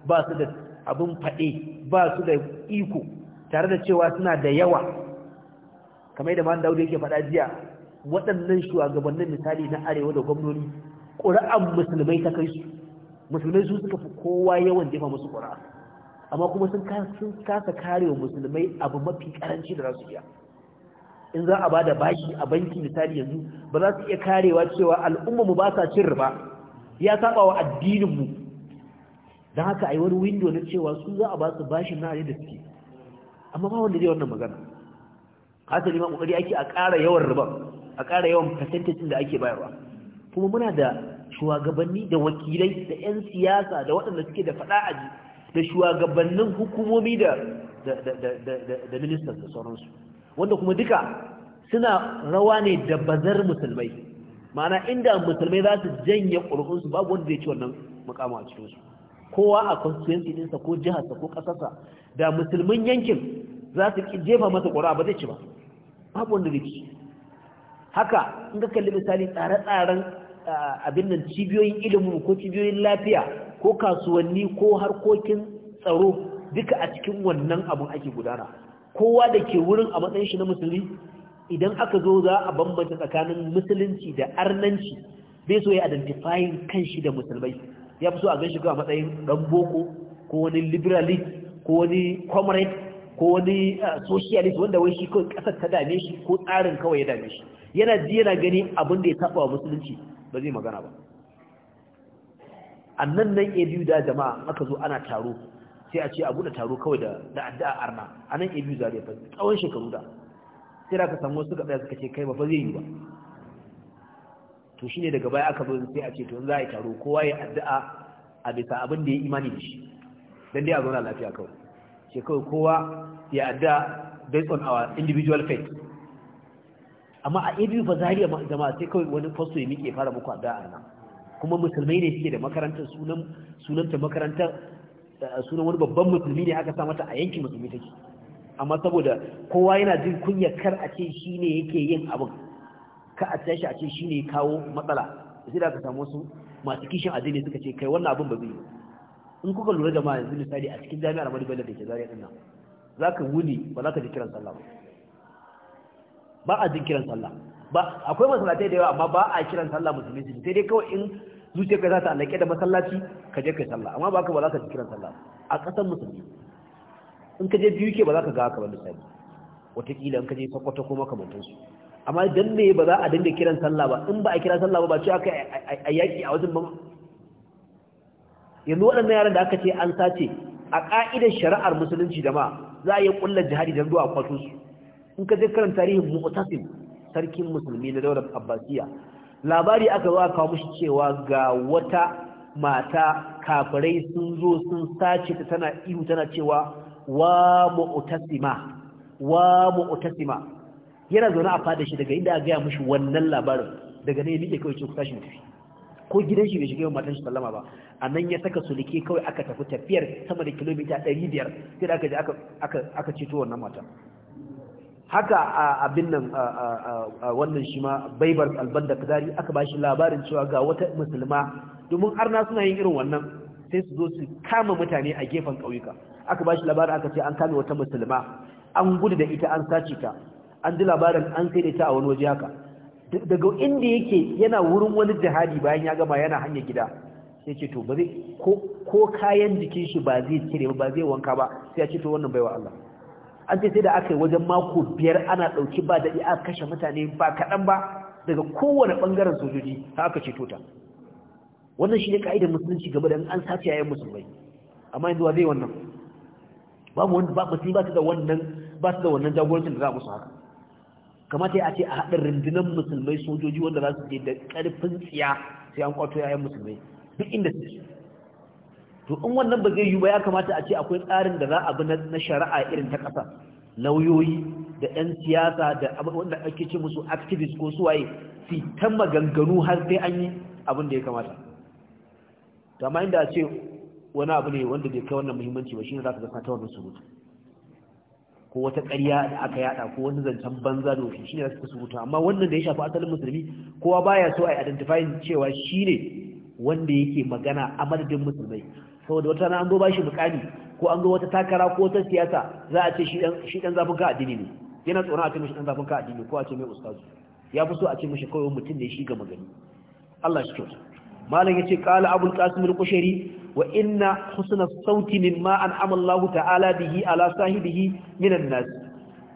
ba su da abin fade ba su da iko tare da cewa suna da yawa kamar yadda man daudi yake faɗa jiya waɗannan shugabannin misali na arewa da gwamnoni ƙuri'an musulmai ta kai su musulmai su suka fi kowa yawan jefa musu ƙuri'a amma kuma sun kasa kare wa musulmai abu mafi karanci da za su iya in za a ba da bashi a banki misali yanzu ba za su iya karewa cewa al'ummanmu ba sa cin riba ya saba wa addininmu don haka a yi wani windo na cewa su za a ba su bashin na da suke amma ba wanda zai wannan magana hasali ma kokari ake a ƙara yawan riba a ƙara yawan percentage da ake bayarwa kuma muna da shugabanni da wakilai da 'yan siyasa da waɗanda suke da faɗa a da shugabannin hukumomi da da ministan da sauransu wanda kuma duka suna rawa ne da bazar musulmai ma'ana inda musulmai za su janye ƙurƙunsu babu wanda zai ci wannan mukama a cikinsu kowa a constituency ɗinsa ko jiharsa ko ƙasarsa da musulmin yankin za su jefa masa ƙura ba zai ci ba babu wanda zai ci haka in ka kalli misali tsare-tsaren ah, abin nan cibiyoyin ilimin ko cibiyoyin lafiya ko kasuwanni ko harkokin tsaro duka a cikin wannan abin ake gudana kowa da ke wurin a matsayin shi na musulmi idan aka zo za a bambanta tsakanin musulunci da arnanci bai so ya identifying kanshi da musulmai ya fi so a ganshi ga matsayin dan boko ko wani liberalist ko wani comrade ko wani eh, socialist wanda wai shi kawai kasar ta dame shi ko tsarin kawai ya dame shi yana ji yana gani abin da ya taɓa wa musulunci ba zai magana ba annan nan a biyu da jama'a aka zo ana taro sai a ce abu da taro kawai da addu'a arna a nan a biyu zariya fa tsawon shekaru da sai da ka samu wasu ɗaya suka ce kai ba fa zai yi ba to shine daga baya aka zo sai a ce to za a yi taro kowa ya addu'a a bisa abin da ya imani da shi dan dai a zauna lafiya kawai ce kawai kowa ya addu'a based on our individual faith amma a a biyu fa zariya jama'a sai kawai wani fasto ya miƙe fara muku addu'a arna kuma musulmai ne suke da makarantar sunan sunanta makarantar sunan wani babban musulmi ne aka sa mata a yankin musulmi take amma saboda kowa yana jin kunya kar a ce shine yake yin abin ka a tashi a ce shine kawo matsala sai da aka samu su masu kishin addini suka ce kai wannan abin ba zai in kuka lura da ma yanzu misali a cikin jami'ar Ahmadu Bello da ke Zaria din nan zaka wuni ba za ka ji kiran sallah ba ba a jin kiran sallah ba akwai masallatai da yawa amma ba a kiran sallah musulunci sai dai kawai in zuciyar ka za ta alake da masallaci ka je kai sallah amma ba ka ba za ka ji kiran sallah a ƙasar musulmi in ka je biyu ke ba za ka ga haka ba misali wataƙila in ka je sakwata ko su. amma dan ne ba za a dinga kiran sallah ba in ba a kira sallah ba ba ce aka a yaƙi a wajen ba yanzu waɗannan yaran da aka ce an sace a ƙa'idar shari'ar musulunci da ma za a yi ƙullar jihadi don zuwa kwato su in ka je karan tarihin mu'tasim sarkin musulmi na daular abbasiya labari aka zuwa kawo mushi cewa ga wata mata kafirai sun zo sun sace ta tana ihu tana cewa wa mu'tasima wa mu'tasima yana zaune a fada shi daga inda aka gaya mushi wannan labarin daga ne yake kawai cewa tashi mutu ko gidan shi bai shiga matan shi sallama ba a nan ya saka sulike kawai aka tafi tafiyar sama da kilomita 500 sai aka je aka aka ceto wannan mata haka abin nan wannan shi ma baibar albanda da kadari aka ba shi labarin cewa ga wata musulma domin arna suna yin irin wannan sai su zo su kama mutane a gefen ƙauyuka aka ba shi labarin aka ce an kame wata musulma an gudu da ita an sace ta an ji labarin an sai da ta a wani waje haka daga inda yake yana wurin wani jihadi bayan ya gama yana hanyar gida sai ce to ba ko kayan jikin shi ba zai cire ba zai wanka ba sai ya ce to wannan baiwa Allah an ce sai da aka yi wajen mako biyar ana ɗauki ba daɗi iya kashe mutane ba kaɗan ba daga kowane ɓangaren sojoji ta aka ceto ta wannan shi ne ka'idar musulunci game da an sace yayin musulmai amma yanzu zai wannan babu wanda ba musulmi ba su da wannan ba su da wannan jagorancin da za musu haka kamata ya ce a haɗin rundunar musulmai sojoji wanda za su je da ƙarfin tsiya sai an kwato yayin musulmai duk inda su to in wannan ba zai yi ba ya kamata a ce akwai tsarin da za a bi na shari'a irin ta ƙasa lauyoyi da 'yan siyasa da wanda ake ce musu activist ko suwaye fi ta maganganu har sai an yi abin da ya kamata amma inda a ce wani abu ne wanda bai kai wannan muhimmanci ba shine za ka zaka ta wannan surutu ko wata ƙarya da aka yada ko wani zancen banza da wasu shine za ka surutu amma wannan da ya shafi asalin musulmi kowa baya so a identifying cewa shine wanda yake magana a madadin musulmai saboda wata na an zo bashi bukami ko an zo wata takara ko wata siyasa za a ce shi dan zafin ka addini ne yana tsoron a ce mishi dan zafin ka addini ko a ce mai ustazu ya fi so a ce mishi kawai mutum ne shi ga magani Allah shi kyauta malam yace qala abul qasim al qushairi wa inna husna sauti mimma amala Allah ta'ala bihi ala sahibihi minan nas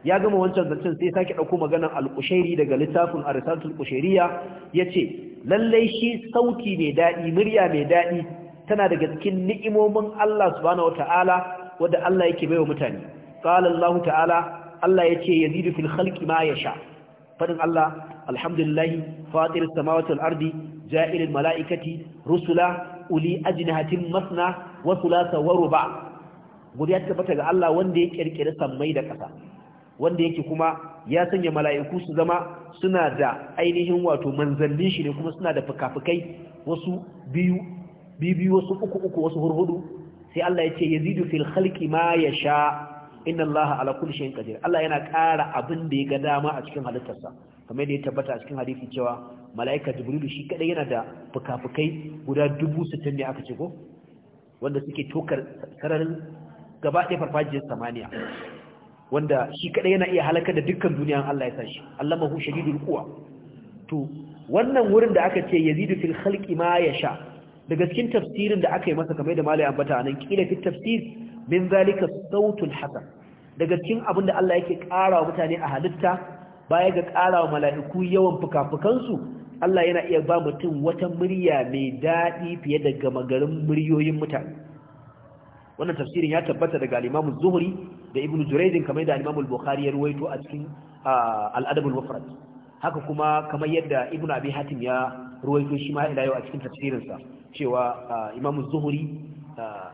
ya gama wancan zancen sai sake dauko maganar al qushairi daga littafin arisatul qushairiya yace lallai shi sauti mai dadi murya mai dadi tana daga cikin ni'imomin Allah subhanahu wataala wanda Allah yake baiwa mutane qala Allah ta'ala Allah yace yazidu fil khalqi ma yasha fadin Allah alhamdulillah fatir samawati wal ardi ja'il al malaikati rusula uli ajnihatin masna wa thulatha wa ruba godiya tabbata ga Allah wanda ya kirkire sammai da ƙasa wanda yake kuma ya sanya mala'iku su zama suna da ainihin wato manzannin shi ne kuma suna da fikafikai wasu biyu bibi wasu uku uku wasu hurhudu sai Allah ya ce yazidu fil khalqi ma yasha inna Allah ala kulli shay'in qadir Allah yana ƙara abin da ya ga dama a cikin halittarsa kamar yadda ya tabbata a cikin hadisi cewa mala'ika jibrilu shi kadai yana da fukafukai guda 60 ne aka ce ko wanda suke tokar sararin gaba ɗaya farfajiyar samaniya wanda shi kadai yana iya halakar da dukkan duniya Allah ya sashi allamahu shadidul quwa to wannan wurin da aka ce yazidu fil khalqi ma yasha daga cikin tafsirin da aka yi masa kamar da malai ambata anan kila fi tafsir min zalika sautul hasan daga cikin abin da Allah yake ƙara wa mutane a halitta baya ga ƙara wa mala'iku yawan fukafukansu Allah yana iya ba mutum wata murya mai daɗi fiye da gama garin muryoyin mutane wannan tafsirin ya tabbata daga al-Imam Zuhri da Ibn Jurayd kamar da al-Imam Bukhari ya ruwaito a cikin al-Adab al-Mufrad haka kuma kamar yadda Ibn Abi Hatim ya ruwaito shi ma ila yau a cikin tafsirinsa cewa imam zuhuri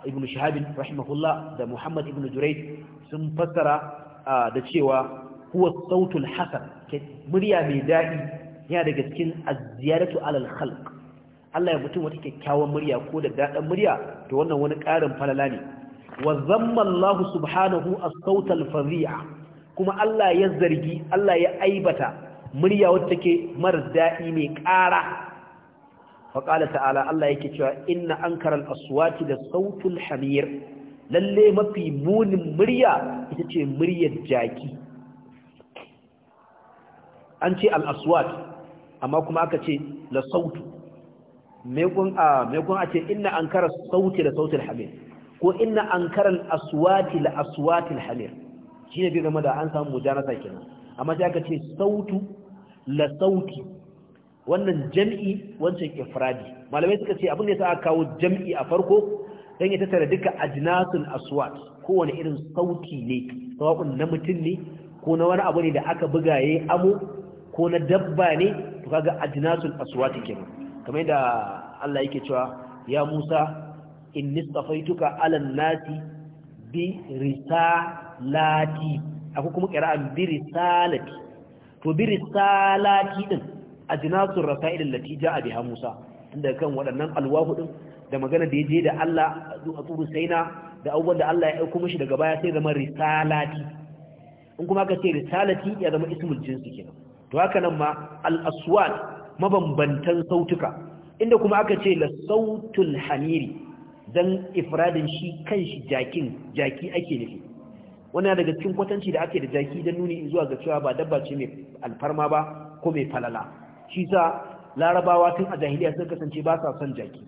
ibn shahabin rahimahullah da muhammad ibn jurai sun fassara da cewa huwa sautul hasan murya mai daɗi yana daga cikin aziyaratu alal khalq Allah ya mutum wata kyakkyawan murya ko da daɗin murya to wannan wani ƙarin falala ne wa zamma Allah subhanahu as sautal fari'a fadhia kuma Allah ya zargi Allah ya aibata murya wacce take mara daɗi mai ƙara faƙala ta'ala Allah yake cewa inna ankaral aswati da sautul hamir lalle mafi munin murya ita ce muryar jaki an ce al-aswat amma kuma aka ce la sautu mekun a ce a ce inna sauti da sautul hamir ko inna ankara al-aswati la aswatil hamir shine bi game da an samu mujanasa kenan amma sai aka ce sautu la sauti wannan jam'i wancan ifradi malamai suka ce abin da ya aka kawo jam'i a farko don ya tattara duka ajinasun aswat kowane irin sauti ne sawa'un na mutum ne ko na wani abu ne da aka buga ya amo ko na dabba ne to kaga ajinasun aswat kenan kamar yadda Allah yake cewa ya Musa inni safaituka alan nasi bi risalati akwai kuma kira'an bi risalati to bi risalati din ajnasu rasail allati jaa biha Musa inda kan waɗannan alwahu din da magana da yaje da Allah a tsuru saina da abubuwan da Allah ya aika mishi daga baya sai zama risalati in kuma aka ce risalati ya zama ismul jinsi kenan to haka nan ma al aswat mabambantan sautuka inda kuma aka ce la sautul hamiri dan ifradin shi kanshi jakin jaki ake nufi wannan daga cikin kwatanci da ake da jaki dan nuni zuwa ga cewa ba dabba ce mai alfarma ba ko mai falala shi sa larabawa tun a jahiliya sun kasance ba sa son jaki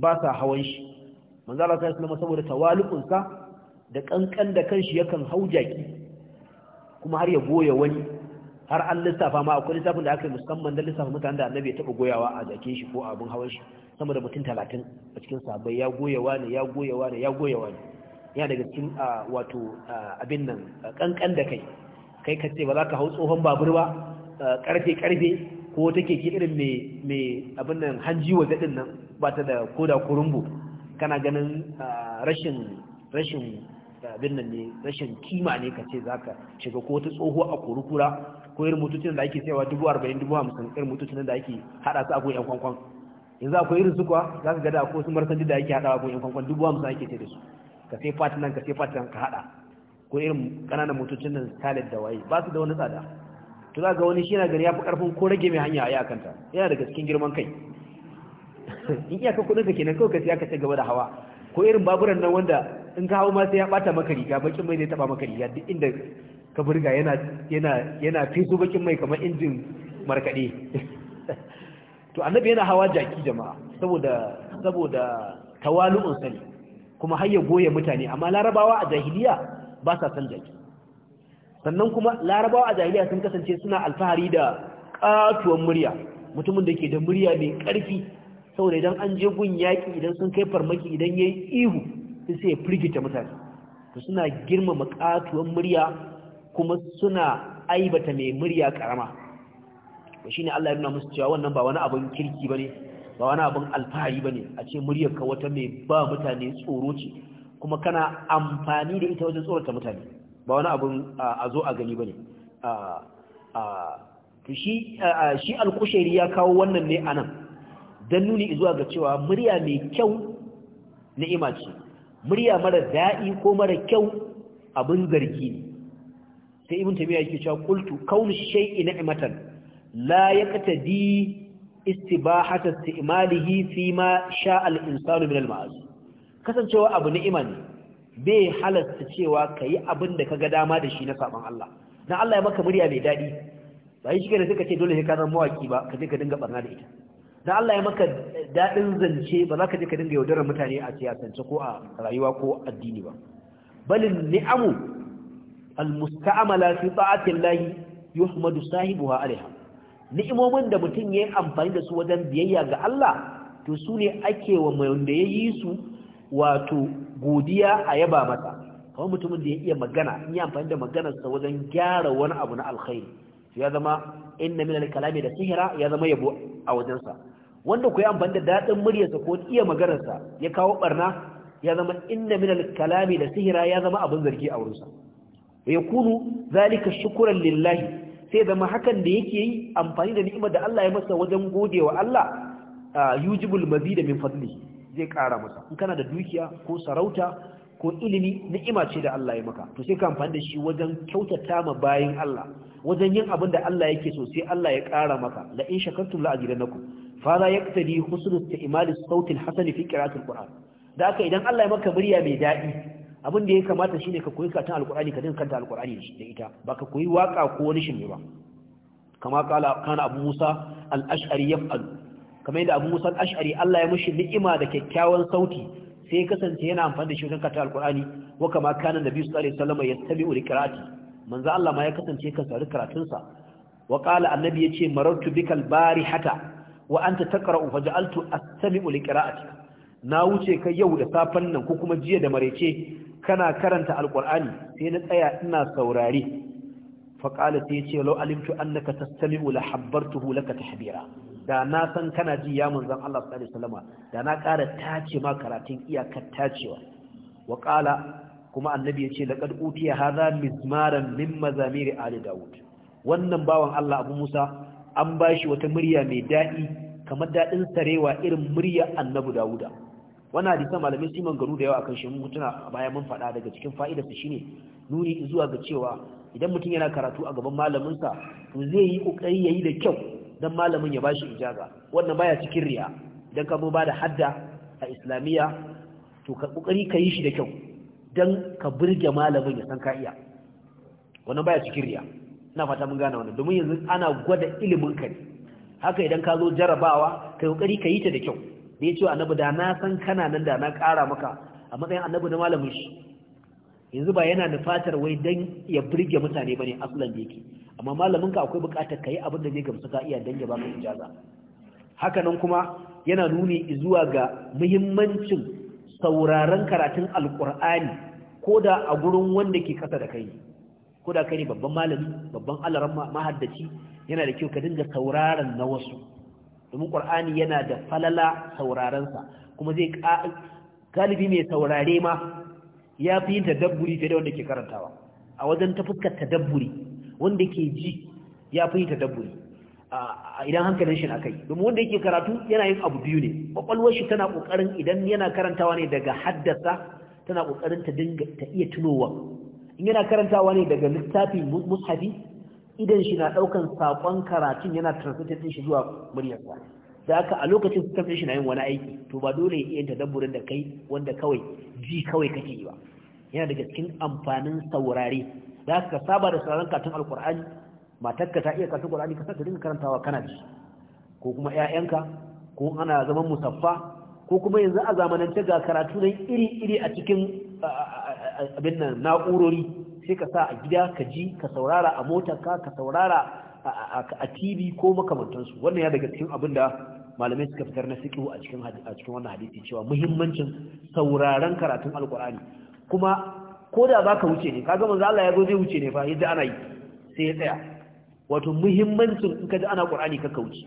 ba sa hawan shi manzo Allah sai sallama saboda tawalukun sa da kankan da kanshi yakan hau jaki kuma har ya goya wani har an lissafa ma akwai lissafin da aka yi musamman da lissafa mutanen da annabi ya taba goyawa a jakin shi ko abin hawan shi sama da mutum talatin a cikin sahabbai ya goyawa ne ya goyawa ne ya goyawa ne yana daga cikin wato abin nan kankan da kai kai ka ce ba za ka hau tsohon babur ba karfe karfe ko take ki irin mai mai abin nan hanji wa gadin nan ba ta da koda kurumbu kana ganin rashin rashin abin nan ne rashin kima ne ka ce zaka shiga ko ta tsoho a kurukura ko irin mutuncin da ake sayawa dubu arba'in dubu hamsin irin mutuncin da ake haɗa su a ko yan kwankwan yanzu akwai irin su kuwa za ka gada akwai wasu martandi da ake a ko yan kwankwan dubu hamsin ake ce da su ka sai fatin nan ka sai fatin ka haɗa ko irin ƙananan mutuncin nan salad da waye ba su da wani tsada to za ga wani shi yana gani ya fi ƙarfin ko rage mai hanya a yi kanta yana daga cikin girman kai in iyaka kuɗin ka kenan kawai ka siya ka gaba da hawa ko irin baburan nan wanda in ka hau ma sai ya bata maka riga bakin mai zai taba maka riga duk inda ka burga yana yana yana feso bakin mai kamar injin markade to annabi yana hawa jaki jama'a saboda saboda tawalu'un sani kuma har ya goye mutane amma larabawa a jahiliya ba sa san jaki sannan kuma larabawa a jahiliya sun kasance suna alfahari da katuwan murya mutumin da ke da murya mai karfi saboda idan an je gun yaki idan sun kai farmaki idan ya yi ihu sai ya firgita mutane to suna girmama katuwan murya kuma suna aibata mai murya ƙarama. karama shi ne Allah ya nuna musu cewa wannan ba wani abin kirki ba ne, ba wani abin alfahari ba ne, a ce muryarka wata mai ba mutane tsoro ce kuma kana amfani da ita wajen tsorata mutane ba wani abin a zo a gani ba ne shi alkushari ya kawo wannan ne a nan don nuni zuwa ga cewa murya mai kyau ni'ima ce murya mara daɗi ko mara kyau abin zargi ne sai ibn tamiya yake cewa qultu kaunu ina imatan la di yaqtadi ta imalihi fi ma sha al'insanu min al kasancewa abu ni'ima ne bai halasta cewa ka yi abin da ka ga dama da shi na saban Allah na Allah ya maka murya mai daɗi ba yi shi da suka ce dole sai ka zama mawaki ba ka je ka dinga barna da ita na Allah ya maka daɗin zance ba za ka je ka dinga yaudarar mutane a siyasance ko a rayuwa ko addini ba balin ni'amu al-musta'amala fi ta'atillahi yuhmadu sahibuha alaiha ni'imomin da mutum ya yi amfani da su wajen biyayya ga Allah to su ne ake wa mai wanda su wato godiya a yaba masa kamar mutumin da ya iya magana in yi amfani da maganarsa wajen gyara wani abu na alkhairi ya zama inna min kalami da sihira ya zama yabo a wajensa wanda ku yi amfani da daɗin muryarsa ko iya maganarsa ya kawo barna ya zama inna minar kalami da sihira ya zama abin zargi a wurinsa ya kunu zalika shukuran lillahi sai zama hakan da yake yi amfani da ni'imar da Allah ya masa wajen gode wa Allah yujibul mazida min fadlihi zai ƙara masa in kana da dukiya ko sarauta ko ilimi ni'ima ce da Allah ya maka to sai ka amfani da shi wajen kyautata ma bayin Allah wajen yin abin da Allah yake so sai Allah ya ƙara maka la in shakartum la ajidannakum fa la yaqtadi husnul ta'mal as-sawt al-hasan fi qira'at al-Qur'an da haka idan Allah ya maka murya mai daɗi abin da ya kamata shine ka koyi karatun al-qur'ani ka dinka kanta al-qur'ani da ita ba ka koyi waka ko wani ne ba kama kala kana Abu Musa al-Ash'ari yaf'al kamar yadda abu musan ash'ari Allah ya mushi ni'ima da kyakkyawan sauti sai kasance yana amfani da shi wajen karatu alkur'ani wa kama kana nabi sallallahu alaihi wasallam yastami'u liqira'ati manzo Allah ma ya kasance kan sauri karatunsa wa qala annabi yace marartu bikal barihata wa anta taqra'u faj'altu astami'u liqira'atika na wuce ka yau da safen nan ko kuma jiya da marece kana karanta alkur'ani sai na tsaya ina saurare fa qala sai yace law alimtu annaka tastami'u la habbartuhu laka tahbira da na san kana ji ya zan Allah sallallahu alaihi wasallam da na ƙara tace ma karatun iyakar tacewa wa qala kuma annabi yace laqad utiya hadha mizmaran min mazamiri ali daud wannan bawan Allah abu Musa an bashi wata murya mai dadi kamar dadin sarewa irin murya annabi dauda wannan hadisi malamin siman garu da yawa akan shi mun tuna bayan mun faɗa daga cikin fa'idarsa shine nuni zuwa ga cewa idan mutum yana karatu a gaban malaminsa to zai yi kokari yayi da kyau dan malamin ya bashi ijaza wannan baya cikin riya dan ka zo bada hadda a islamiyya to ka kokari ka yi shi da kyau dan ka burge malamin ya san ka iya wannan baya cikin riya ina fata mun gane wannan domin yanzu ana gwada ilimin ka haka idan ka zo jarabawa ka kokari ka yi ta da kyau da ya ce annabi da na san kana nan da na kara maka a matsayin annabi da malamin shi yanzu ba yana da fatar wai dan ya burge mutane bane aslan da yake amma malamin ka akwai buƙatar kai abin da zai gamsu ka iya dan ya baka ijaza haka nan kuma yana nuni zuwa ga muhimmancin sauraron karatun alqur'ani koda a gurin wanda ke kasa da kai koda kai ne babban malami babban alaran mahaddaci yana da kyau ka dinga sauraron na wasu domin qur'ani yana da falala sauraron sa kuma zai galibi mai saurare ma ya fi yin tadabburi fiye da wanda ke karantawa a wajen ta fuskar tadabburi wanda ke ji ya fi yin tadabburi idan hankalin shi na kai domin wanda yake karatu yana yin abu biyu ne kwakwalwar shi tana kokarin idan yana karantawa ne daga haddasa tana kokarin ta dinga ta iya tunowa in yana karantawa ne daga littafi mushafi idan shi na daukan sakon karatun yana translated din shi zuwa sa da aka a lokacin su tafi shi na yin wani aiki to ba dole iya tadabburin da kai wanda kawai ji kawai kake yi ba yana daga cikin amfanin saurare da aka saba da sauraron katon alkur'ani matarka ta iya katon alkur'ani ka saka dinga karantawa kana da shi ko kuma ƴaƴanka ko ana zaman musaffa ko kuma yanzu a zamanance ga karatu nan iri-iri a cikin abin nan na'urori sai ka sa a gida ka ji ka saurara a motarka ka saurara a TV ko makamantansu wannan ya daga cikin abin da malamai suka fitar na fiqhu a cikin a cikin wannan hadisi cewa muhimmancin sauraron karatun alqur'ani kuma ko da ka wuce ne kaga manzo Allah ya zo zai wuce ne fa yadda ana yi sai ya tsaya wato muhimmancin in ka ji ana qur'ani ka wuce.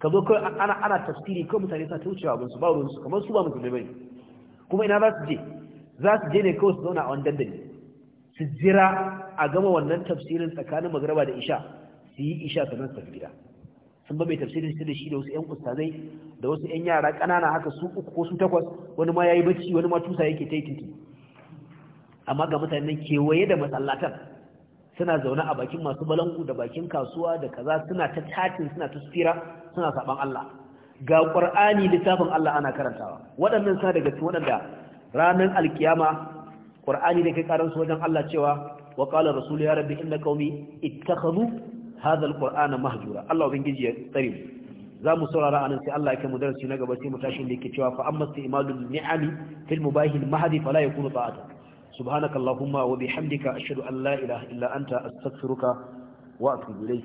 ka zo kai ana ana tafsiri kai mutane sa ta wucewa gunsu ba ruwan su kamar su ba musulmai bane kuma ina za su je za su je ne kawai su zauna a wani dandali su jira a gama wannan tafsirin tsakanin magaraba da isha su yi isha sannan su gida sun ba mai tafsirin shi da shi da wasu ƴan ustazai da wasu ƴan yara ƙanana haka su uku ko su takwas wani ma yayi bacci wani ma tusa yake taititi amma ga mutanen kewaye da masallatan suna zaune a bakin masu balangu da bakin kasuwa da kaza suna ta tatin suna ta sufira suna saban Allah ga Qur'ani littafin Allah ana karantawa waɗannan sa daga cikin waɗanda ranar alkiyama Qur'ani da kai karansu wajen Allah cewa wa qala rasulu ya rabbi inna qaumi ittakhadhu hadha alqur'ana mahjura Allah ubangiji ya tsare mu za mu saurara anan sai Allah ya kai mu darasi na gaba sai mu tashi da yake cewa fa amma istimalul ni'ami fil mubahi al mahdi fala yakunu ta'ata subhanakallahumma wa bihamdika hamdika an la ilaha illa anta astaghfiruka wa atubu ilayk